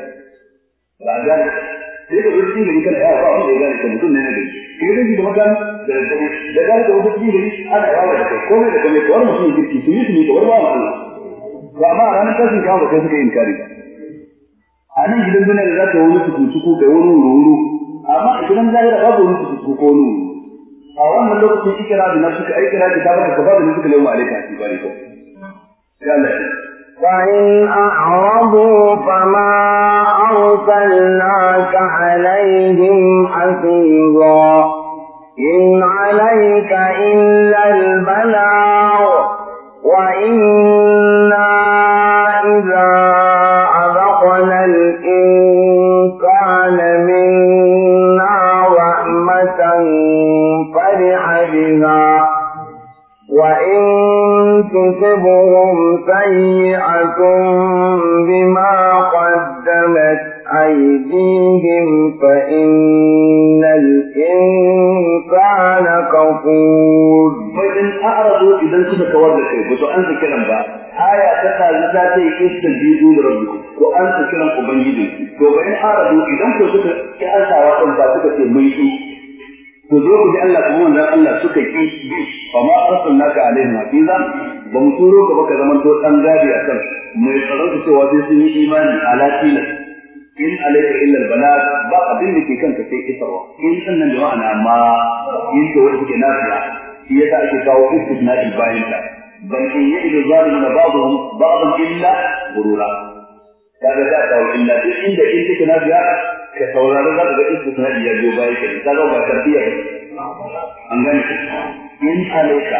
ba a gane sai ka zurfi da kana yawa ba wanda ya gane ka mutum ne na gari kai zai da makan da daddare da gane ka wata cikin gari ana yawa da kai komai da komai kawar mutum ya girki su yi su ne kawar ba wa Allah ba amma a ranar tashin kama kai suka yi inkari a nan gidan duniya da za ka wani su kuku kai wani wuri wuri amma a gidan zahira babu wani su kuku ko wani wuri a wannan lokacin ikira da na suka aikira da ta baka gaba da alaika ki bari ko
sai أعرضوا فما أرسلناك عليهم حفيظا إن عليك إلا البلاغ وإنا تصبهم سيئة بما قدمت أيديهم فإن الإنسان كفور وإن أعرضوا إذا كنت كوارد شيء بس أنت كلام بقى
آية تقال ذاتي استجيبوا لربكم وأنت كلام أبنجدوا وإن أعرضوا إذا كنت كأنت وأنت كنت ميتوا ku zo ku ji Allah kuma manzon Allah suka ki bi fa ma arsalnaka alaihim hafiza ba mu turo ka baka zaman to dan gadi akan mai tsaron su cewa sai sun yi imani ala tilas in alaika illa albalag ba abin da ke kanka sai isarwa in sannan da ma'ana ma in to wani kuke nafiya shi yasa ake kawo istisna bayan ta bal in ya'idu zalimuna ba'dhum ba'dhum illa gurura kaga da kawo illa duk inda in take nafiya ka saurari za ka ga istihadi ya biyo baya kenan ka ga ba tarbiyya ba an gane in alaika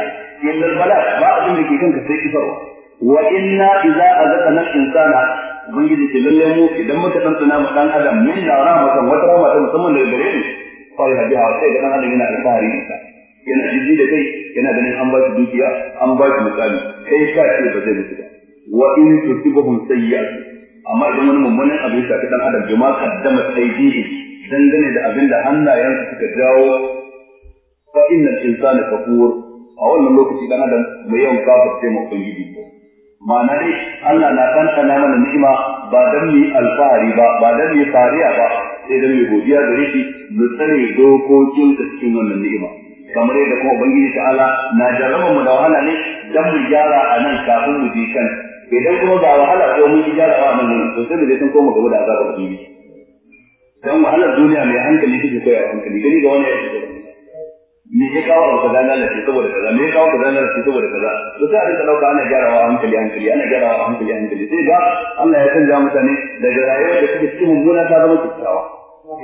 in lalbala ba abin da ke kan ka sai kifarwa. wa inna idza azaqna al-insana ubangiji ce lalle mu idan muka tantana mu dan adam min yara rahmatan wata rahmatan musamman da gare ni sai hadi ha sai ga dan adam yana alfahari da yana jiji da kai yana ganin an ba shi dukiya an ba shi misali kai ka ce ba zai mutu ba wa in tusibuhum sayyi'atun amma idan wani mummunan abin shafi dan adam bi ma kaddama aidihi dangane da abin da hannayensa suka jawo fa innal insana kafur a wannan lokaci dan adam mai yawan kafir sai mu gidi. ma'ana dai Allah na tantana mana ni'ima ba dan mu alfahari ba ba dan mu fariya ba sai dan mu godiya gare shi mu tsare dokokin da cikin wannan ni'ima kamar yadda kuma ubangiji ta'ala na jarraba mu da wahala ne dan mu gyara a nan kafin mu je kan idan kuma ga wahala ko mun ji jarawa nan nan to sai da sun koma gaba da azabar yi. dan wahalar duniya mai hankali take koya hankali gani ga wani ya ce me ya kawo abu kaza lalace saboda kaza me ya kawo kaza lalace saboda kaza to sai a rinka dauka ana gyarawa hankali hankali ana gyarawa hankali hankali sai ga Allah ya canja mutane daga rayuwar da suke cikin mummuna ta zama kyakkyawa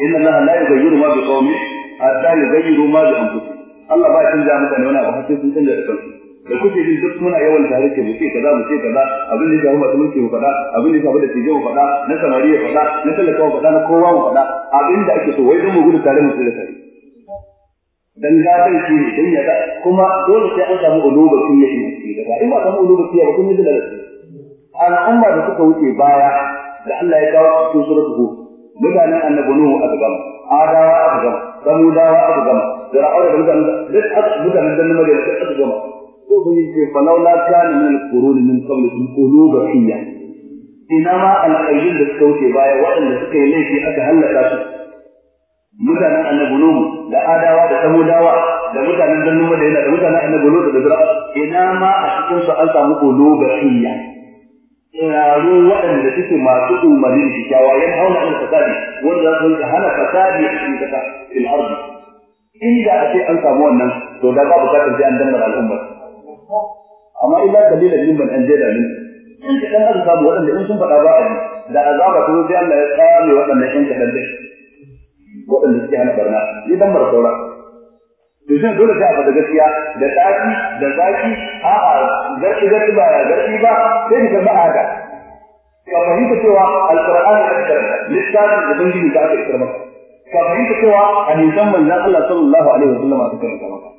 inna Allah la yughayyiru ma bi biqaumin hatta yughayyiru ma bi anfusihim Allah ba ya canja mutane wani abu har sai sun canja da kansu da kuke jin duk muna yawan tarihi ke muke kaza muke kaza abin da ya shafi masu mulki mu faɗa abin da ya shafi da tije mu faɗa na samariya faɗa na talaka faɗa na kowa mu faɗa abin da ake so wai don mu gudu tare mu tsira tare dan gadan shi ne dan yada kuma dole sai an samu uluba kun yi shi daga in ba samu uluba kun yi kun yi da al'umma da suka wuce baya da Allah ya kawo cikin suratul hud mutanen annabi nuhu aka gama adawa aka gama samudawa aka gama da ra'aura da mutanen duk mutanen da namar da aka gama ko ba yake falaula kana min al-qurun min qablikum quluba fiyya ina ma al da suka wuce baya waɗanda suka yi laifi aka hallaka su mutanen annabi nuhu da adawa da samudawa da mutanen dannu madaina da mutanen annabi da zura ina ma a cikin su an samu quluba fiyya tsiraru waɗanda suke masu umarnin kyakkyawa yan hauna an fasadi wanda za su rinka hana fasadi a cikin ƙasa fil ardi inda a ce an samu wannan to da ba bukatar sai an danna al'ummar amma illa dalilan din ban anje da min in ka dan aka samu waɗanda in sun faɗa ba a ji da azaba ko sai Allah ya tsare wadanda in ka dalle waɗanda suke hana barna ni dan bar saura to sai dole sai a fada gaskiya da tsaki da zaki a a garki garki ba garki ba sai ka ba haka ka fahimta cewa alqur'an ya karanta lissafi da bangin da aka karanta ka fahimta cewa hadisan manzon Allah sallallahu alaihi wasallam aka karanta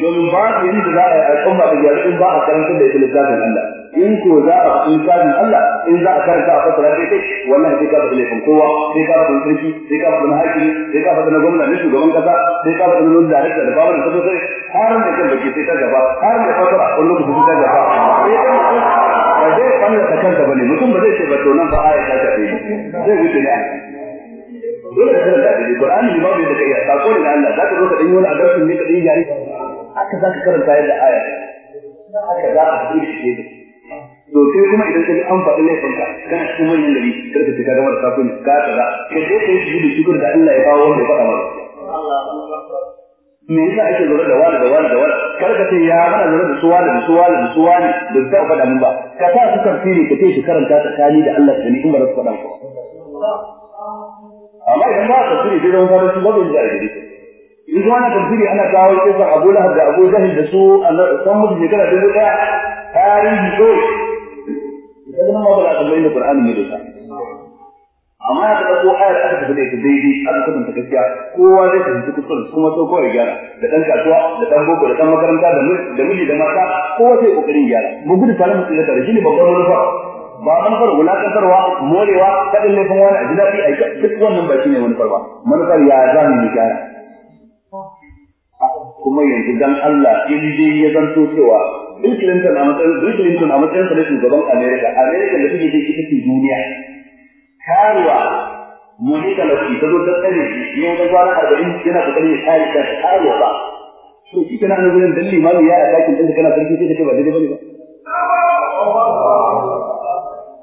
domin ba su yi da za a yi al'umma da yare in ba a karanta da littafin Allah in ko za a fi littafin Allah in za a karanta a fasara sai kai wannan sai ka fada laifin kowa sai ka fada sarki sai ka fada hakimi sai ka na gwamna ne shugaban kasa sai ka fada nuna darakta da babu da sai har mai kan baki sai ka gaba har mai fasara wani lokaci sai ta gaba sai ka ba zai kamar ta kanta bane mutum ba zai ce ba to nan ba aya ta tafi zai wuce ne dole sai da Qur'ani ba bai da kai sako ne da Allah zaka zo ka dan yi wani adalci ne ka dan yi jari haka za ka karanta yadda aya haka za a fi shi ne to sai kuma idan ka ji an faɗi laifin ka kana cikin manyan gari kar ka tuka gamar kafin ka kaza ka je ka yi shi da da Allah ya kawo wanda ya faɗa
maka me yasa ake lura da wani da wani da wani kar ka ce ya mana lura da suwa da suwa da suwa ne, da ka faɗa
min ba ka sa su tafsiri ka ce shi karanta tsakani da Allah da ni in ba za su faɗa maka amma idan ba ka tafsiri sai wani fara shi ba zai ji a gari in kuma ana tafsiri ana kawo kisan abu lahab da abu jahil da su san mutu shekara dubu ɗaya tarihi kawai ita zama ma ba za ta bayyana qur'ani ne da amma ya taɓa ko ayar aka tafi da ita daidai aka sabon ta gaskiya kowa zai tafi kusur kuma so kawai gyara da ɗan kasuwa da ɗan boko da ɗan makaranta da miji da mata kowa sai ƙoƙarin gyara mu gudu tare mu tsira tare shi ne babban manufa ba manufar wulaƙantarwa morewa faɗin laifin wani a ji a duk wannan ba shi ne manufar ba manufar ya zamu mu gyara kuma yanzu dan Allah in dai ya zanto cewa Bill Clinton a matsayin Bill Clinton a matsayin sa na shugaban America da take cikin duniya karuwa Monica Lewinsky ta zo ta tsare shi ne da gwara a garin yana da ta karuwa ba to shi kana nan gurin dalli ma ya a cikin din kana sarki sai ka ba daidai bane ba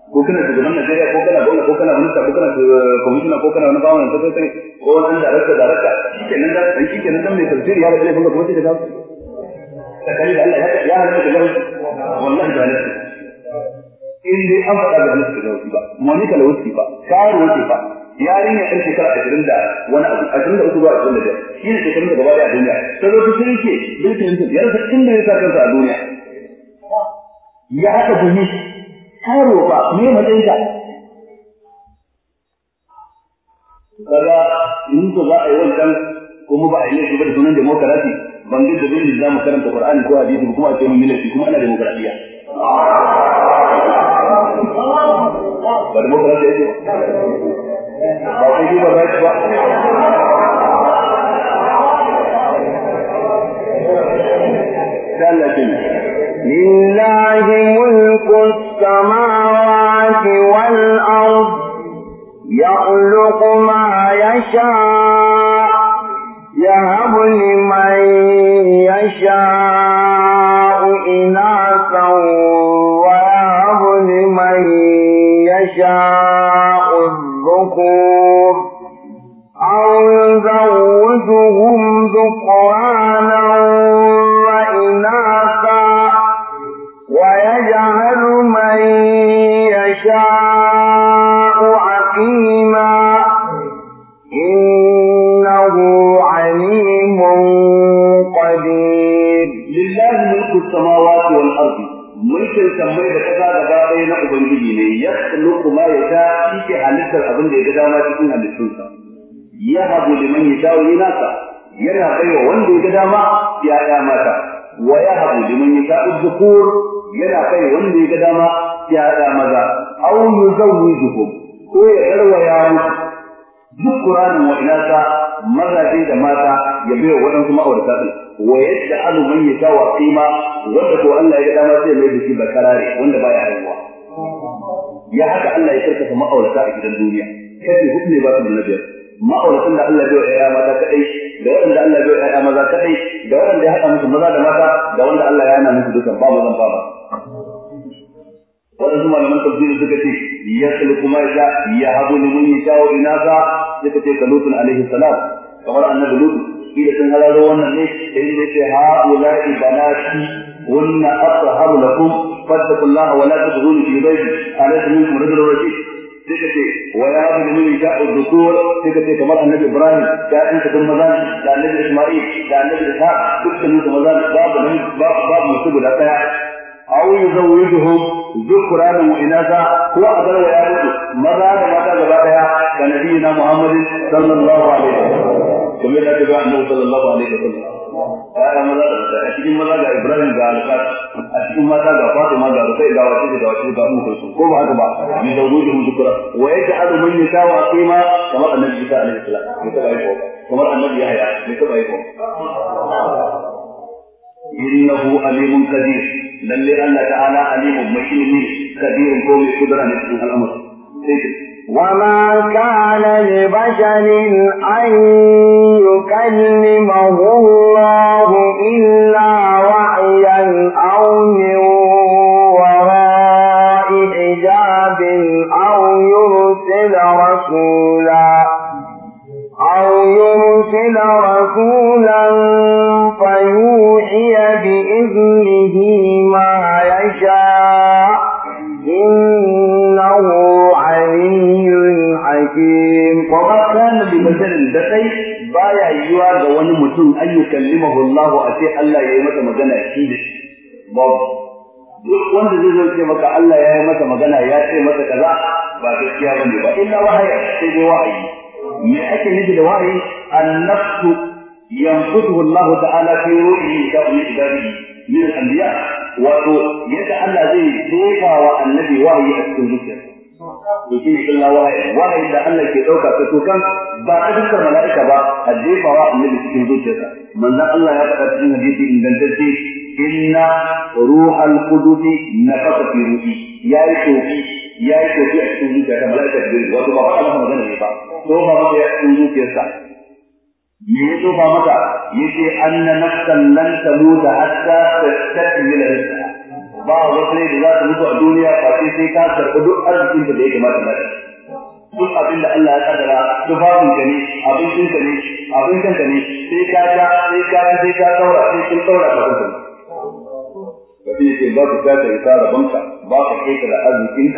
ko kana gaban Najeriya ko kana gwamna ko kana minista ko kana kwamishina eh, ko kana wani bawon ta kai ko wani darakta darakta kenan da dan kenan dan mai tafsiri ya rabu ne kuma sai da gasu
tsakani da Allah ya ya rabu da gasu wallahi da Allah
in dai an faɗa da Allah da ba. ba monika da wasi ba karo ce ba yarinya ɗan shekara ashirin da wani abu ashirin da uku zuwa ashirin da biyar shi ne shekarun da gaba ɗaya a duniya sai zo ta yake bilkin sun ya da inda ya sa kansa a duniya ya haɗa gumi karo ba me matsayinka kaga in ko za a yi wancan kuma ba a yi laifi ba da sunan demokarasi ban ga dalilin da zamu karanta Qur'ani ko hadisi kuma a ce mun yi kuma ana demokaradiya
ba
demokarasi ba
ba ba لله ملك السماوات والأرض يخلق ما يشاء يهب لمن يشاء إناثا ويهب لمن يشاء الذكور
abin da ya ga dama cikin halittunsa ya habu liman ya shawo nasa yana kaiwa wanda ya ga dama ya ya mata wa ya habu liman ya shawo zukur yana kai wanda ya ga dama ya ya maza yi zuku ko ya ya musu duk Qur'anin wa inasa mazaje da mata ya bai wa waɗansu ma'aurata ɗin wa yadda alu man ya shawo kima wanda ko Allah ya ga dama sai mai biki bakarare wanda baya haihuwa ya haka Allah ya karkata ma'aurata a gidan duniya kace hudu ne ba su da biyar ma'auratan da Allah bai ya mata kadai da wanda Allah bai ya maza kadai da wanda ya haɗa musu maza da mata da wanda Allah ya hana musu dukan ba zan ba ba kuma malaman tafsiri suka ce ya sulu kuma ya ya habu ni mun yi tawo ina ka suka ce kalutun alaihi salam kamar annabi lutu idan da sun wannan ne da inda ya ha ulai banati قلنا اطهر لكم فاتقوا الله ولا تدخلون في بيتي عليه منكم رجل رشيد تكتي ويا ابن من جاء الذكور تكتي كما النبي ابراهيم جاء انت في رمضان جاء النبي اسماعيل جاء النبي اسحاق كنت من رمضان باب من باب باب من سبل او يزوجهم ذكرانا واناثا هو ابن ويا ابن ماذا ماذا جاء بها كنبينا محمد صلى الله عليه وسلم كما جاء النبي صلى الله عليه وسلم ƴaƴa maza da maza a cikin maza ga Ibrahim ga Alƙas a cikin mata ga Fatima ga Rufai ga wace ga wace ga Ummu Kulsum ko ba haka ba ni da wuce mu dukura wa yadda azu mun yi tawa kima kamar annabi Isa alaihi salam ne ta bayyana kamar annabi Yahya ne ta bayyana innahu alimun kadir lalle Allah ta'ala alimun mai ilimi kadirun ko mai kudura ne cikin al'amari
وما كان لبشر أن يكلمه الله إلا وعيا أو من وراء حجاب أو يرسل رسولا أو يرسل رسولا فيوحي بإذنه ما يشاء
basharin da ba ya yiwa ga wani mutum an yukallimahu Allah a ce Allah ya yi masa magana shi da shi duk wanda zai zo ce maka Allah ya yi masa magana ya ce masa kaza ba gaskiya bane ba illa wahaya sai dai wa'ayi me ake nufi da wa'ayi annafsu yanfutuhu Allah ta'ala fi ruhihi da ibadihi min al-anbiya wato yadda Allah zai jefa wa annabi wahayi a cikin zuciyarsa to shi ne illa wahayi wahayi da Allah ke dauka ta kan ba ta dukkan mala'ika ba a jefawa annabi cikin zuciyarsa manzon Allah ya faɗa cikin hadisi ingantacce inna ruhal qudus nafaka fi ruhi yayi tofi yayi tofi a cikin zuciyarsa mala'ika jibril wato ba Allah magana ne ba to ba ba ya cikin zuciyarsa me ya so ba mata yace anna nafsan lan taluda hatta tastakmila rizqa ba wasu ne da za su mutu a duniya ba sai ka karɓi duk arzikin da ya kamata na duk abin da Allah ya kaddara tufafin ka ne abincin ka ne abincin ka ne sai ka ta sai ka ta sai ka daura sai kin daura ka kuma ba sai ke ba ku ta ta isa banka ba ka kai ka da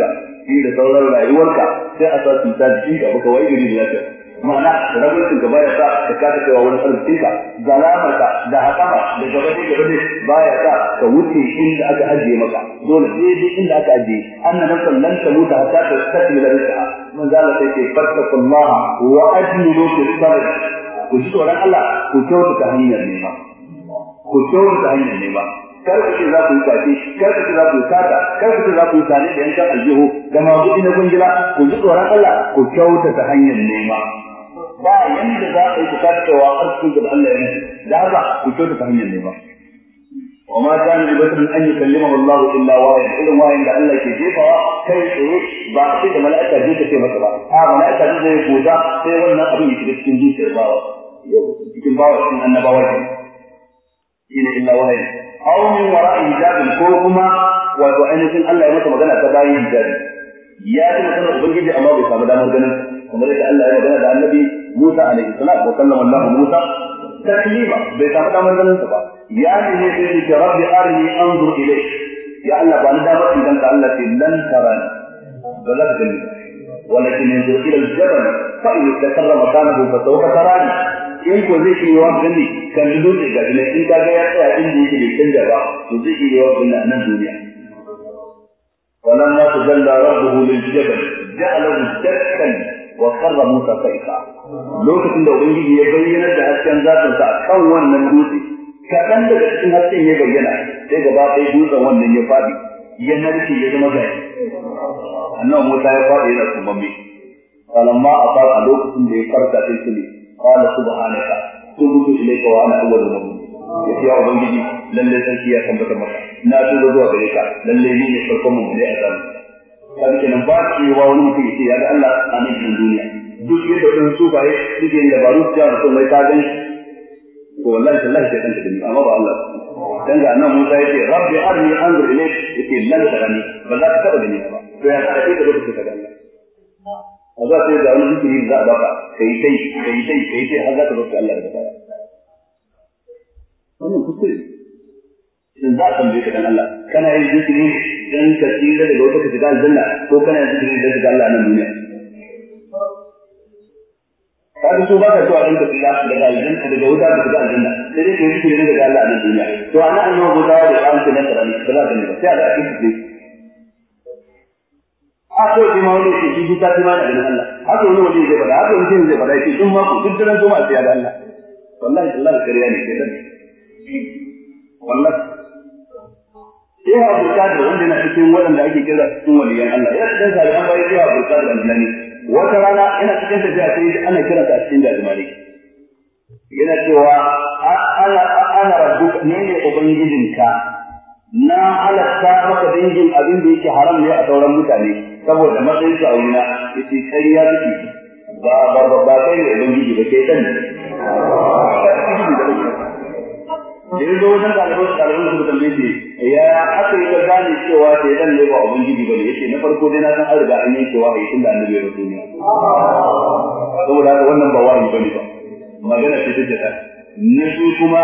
ka, shi da sauran rayuwarka sai a sa cuta jikin ga baka wai gari da lafiya ma'ana da ragwancin gaba ya sa ka kasa kaiwa wani arzikinka zalamarka da hakama da gabade gabade ba ya sa ka wuce inda aka ajiye maka dole daidai inda aka ajiye na nasan lan ta mutu hatta ta tafi da rizqa man zalla sai ce fattakullaha wa ajmilu fis sabr ku ji tsoron Allah ku kyautata hanyar nema ku ta hanyar nema kar ku ce za ku yi kwace kar ku ce za ku yi sata kar ku ce za ku yi sane da yankan aljihu da masu na gungila ku ji tsoron Allah ku ta hanyar nema ba yanda za a yi ku kasa cewa arzikin da Allah ya nufi da haka ku kyauta ta hanyar nema وما كان لبشر ان يكلمه الله الا واحد irin wayan da Allah ke jefawa kai tsoro ba sai da mala'ika je ta ce masa ba a mala'ika ne zai goda sai wannan abin ya shiga cikin zuciyar bawa cikin bawa cikin annabawa ne shine illa wahayi aw min wara'i hijabin ko kuma wato ainihin Allah ya masa magana ta bayan hijabi ya ji magana ubangiji amma bai samu damar ganin kamar yadda Allah ya magana da annabi Musa alaihi salam wa sallama Allah Musa taklima bai samu damar ganin sa ba ya ne ne sai ya rabbi arini anzur ilayk ya Allah ba ni ta idan ka Allah ce lan tarani ba za ka gani walakin yanzu ila al fa in takarra makanahu fa sawfa tarani in ko zai iya wa gani kan dutse ga ne in ka ga ya tsaya inda yake canja ba to zai iya wa gani nan duniya ولما تجلى ربه للجبل جعله دكا وخر موسى صيحا lokacin da ubangiji ya bayyana da hasken zatin sa kan wannan dutse kaɗan daga cikin hasken ya bayyana sai gaba ɗaya dutsen wannan ya faɗi ya narke ya zama gari annabi Musa ya faɗi yana mai. Kalamma a fara lokacin da ya farka sai su ne qala subhanaka shi ne wa ana awwalul da yace ya ubangiji lalle sarki ya tambata maka na da zuwa gare ka lalle ni ne farkon mu ne a zalimi kan kenan ba ce wa wani mutum ce, ya ga Allah a nan duniya duk yadda wajen sufaye suke yin dabaru su jawo mai ta gan shi to wallahi ta sai amma ba Allah dan ga annabi Musa yake rabbi arni anzur ilayk yake lan tarani ba za ka taɓa gani ba to ya ka kai da lokaci ka gani a za ta yi zaune zikiri za a baka kai kai kai kai kai kai har za ka roƙi Allah da baya wannan kuskure in za a tambaye ka Allah kana yin zikiri dan ka tsira daga wata ka shiga ko kana yin dan ga Allah nan duniya kaga su ba ka zuwa don ka tsira daga aljanna daga wuta da daga aljanna sai dai kai kike daga Allah a duniya to ana annabi Musa da ya amince da karami ba za ka ne sai a cikin su a ko ji ma wani shi ji ta ji ma da Allah haka wani wani zai bada haka wani zai bada shi in ma ku duk daren zuwa sai da Allah Allah kariya ni, ke da wallahi sai abu ta da wanda na cikin waɗanda ake kira cikin waliyan Allah ya dan sai an bayar da abu da wata rana ina cikin tafiya sai ana kiransa ta cikin jajimare yana cewa ana ana rabbuka ne ne ubangijinka
na halatta maka
dangin abin da yake haram ne a sauran mutane saboda matsayin su a wurina yace kai ya ba ba ba kai ne ubangiji ba kai kan ne da ya zo wajen ɗaliban ɗaliban su tambaye shi ya aka yi gane cewa sai zan ne ba ubangiji bane yace na farko dai na san an riga an yanke wahayi tunda annabi ya rasu ne saboda haka wannan ba wani ba bane ba magana ce ta jada na su kuma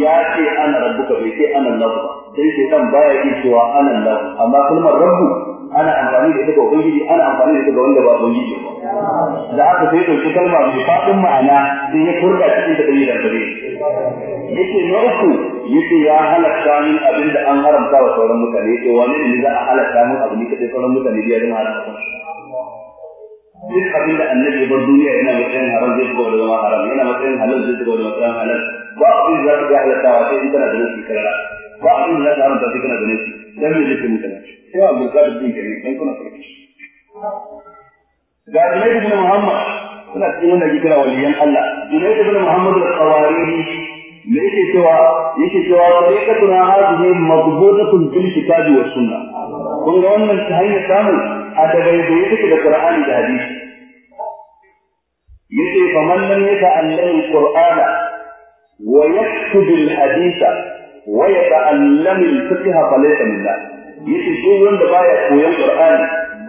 ya ce ana rabbuka bai ce ana Allah ba sai sai kan baya yi cewa ana Allah amma kalmar rabbu ana amfani da ita ga ubangiji ana amfani da ita ga wanda ba ubangiji ba da aka sai ɗauki kalma mai faɗin ma'ana sai ya kurɗa cikin da ɗari da ɗari yake na uku yake ya halatta min abin da an haramta wa sauran mutane yake wani ne za a halatta min abin da sauran mutane biya zama haramta duk abin da annabi bar duniya yana matsayin haram zai shiga wani zama haram yana matsayin halal zai shiga wani matsayin halal ba abin da za ka ga halattawa sai in kana da nufi kala ba abin da za ka haramta sai kana da nufi dan me zai kai mutane sai abin da za ka bi gari dan kuna
farki
ga Junaid ibn Muhammad suna cikin wanda ake kira waliyan Allah Junaid ibn Muhammad al-Qawariri me yake cewa yake cewa tariqatuna hadhihi madbutatun bil kitabi was sunnah kun ga wannan hanyar samu a daga yadda yake da Qur'ani da hadisi yace faman lam yata'allam al-Qur'ana wa yaktub al-haditha wa yata'allam al-fiqha falaysa minna yace duk wanda baya koyon Qur'ani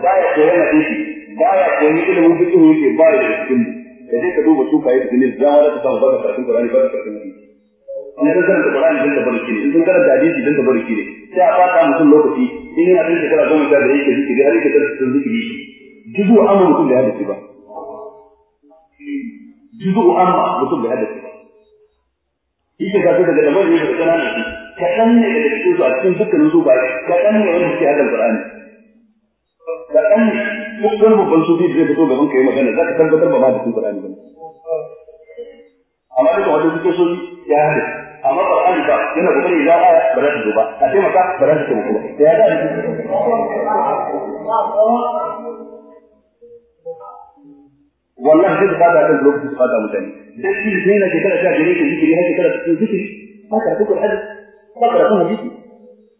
baya koyon hadisi
baya koyi ilimin fiqh yake ba ya da cikin da dai ka duba suka yi cikin zahara ta ba ka karatun Qur'ani ba ka karatun hadisi in sun karanta Qur'ani dan da barki ne in sun karanta hadisi dan da barki ne sai a fata mutum lokaci in yana cikin shekara goma sha da yake zikiri har yake karanta zikiri juzu amma mutum da hadisi ba juzu amma mutum da hadisi ba yake ka daga da mai da kana kaɗan ne da cikin su a cikin dukkanin su ba kaɗan ne wanda suke hadal Qur'ani kaɗan duk wani babban sufi zai fito gaban ka yi magana za ka tabbatar ba ma da sun Qur'ani ba amma duka wajen suke so ya haɗe amma Qur'ani ba yana kokari ya ba ba za ta zo ba a taimaka ba za ta taimaka ba ya da wallahi zai fada kan lokaci su fada mutane dan shi ne na shekara ta gare ka zikiri har shekara ta zikiri ba ka tukur hadisi ba ka tukur hadisi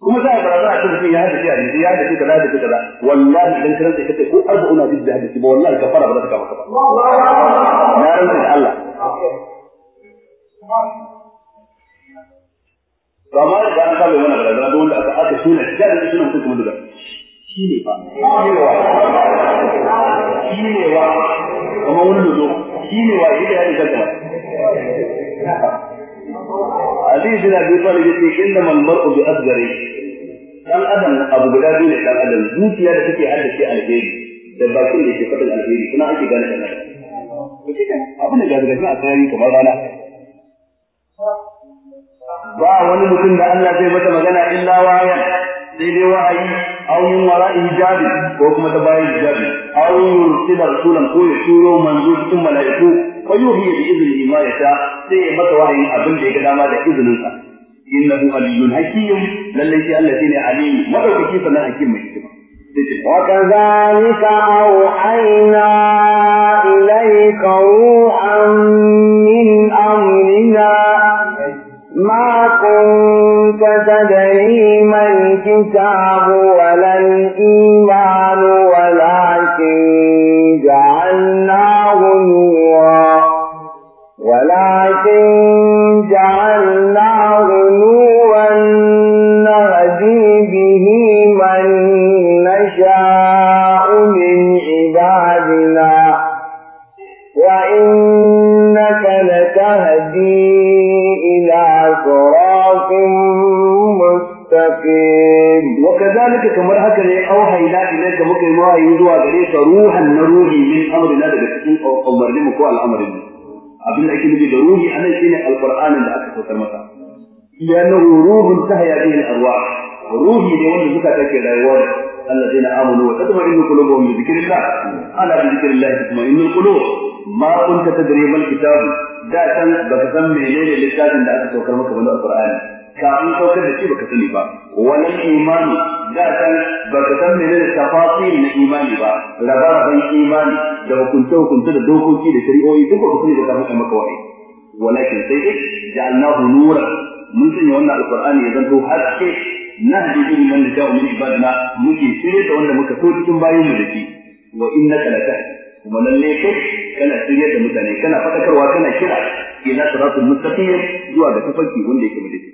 ومذاكره بقى شوف في هذا يعني في هذا كده هذا كده بقى والله ده كده كده كده أربعنا ضد هذا كده والله كفاره بدك الله
ما رمز الله
فما كان قال هنا بلا بقول اكثر شنو الكتاب شنو كنت مدرك شيء بقى شيء واحد شيء واحد وما ولده شيء واحد هذه الكلمه عزيز بن ابي طالب يقول انما المرء بافجره dan adam abu guda biyu ne dan adam zuciya da take ke alheri da bakin da ke fata alheri suna ake gane dan adam abin da gaba suna tsari kamar rana ba wani mutum da Allah zai mata magana illa wayan sai dai wa'ayi aw min wara'i hijabi ko kuma ta bayan hijabi aw yursila rasulan ko ya turo manzo cikin mala'iku fa yuhi bi idnihi ma yasha sai ya mata wahayin abin da ya ga dama da izinin sa innahu aliyyun hakim lallai shi Allah shine alim madaukaki sannan hakim mai hikima
وكذلك أوحينا إليك روحا من أمرنا ما كنت تدري ما الكتاب ولا الإيمان ولكن جعلناه نورا ولكن جعلناه
yake rayuwar الذين آمنوا وتطمئن قلوبهم بذكر الله ألا بذكر الله تطمئن القلوب ما ta? تدري ما الكتاب da can baka san menene littafin da aka saukar maka wani alqur'ani kafin saukar da shi baka sani ba wannan imani da can baka san menene tafasir na imani ba rabarban imani da hukunce hukunce da dokoki da shari'o'i duk baka sani da kafin maka wai walakin sai dai ja'alnahu nuran mun sanya wannan alqur'ani ya zanto haske Na nahdi bihi man nasha'u min ibadina muke tsire da wanda muka so cikin bayin mu da shi wa innaka la tahdi kuma lalle ko kana tsire da mutane kana fadakarwa kana kira ila siratul mustaqim zuwa ga tafarki wanda yake madaidaici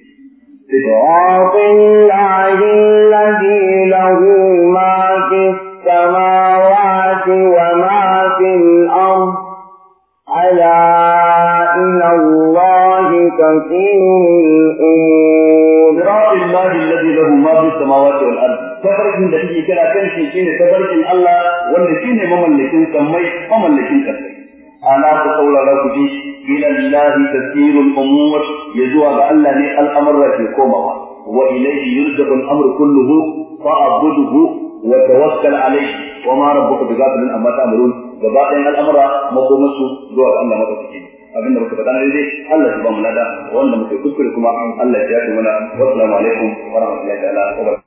صراط الله الذي له ما في السماوات وما في الأرض ألا إلى الله كثير الأمور ma fi samawati wal ard tabarkin da kike kira kan shi shine
tabarkin Allah wanda shine mamallakin samai mamallakin kasai ana ku saurara ku ji ila lillahi tasirul umur yazuwa ga Allah ne al'amarra ke komawa wa ilayhi yurjabu al-amru kulluhu fa'buduhu wa tawakkal alayhi wa ma rabbuka bighafilin amma ta'malun gaba ɗayan al'amura makomarsu zuwa ga Allah madaukaki abin da muka faɗa na dai Allah ya ba mu lada wanda muka kuskure kuma Allah ya yafe
mana wassalamu alaikum wa rahmatullahi wa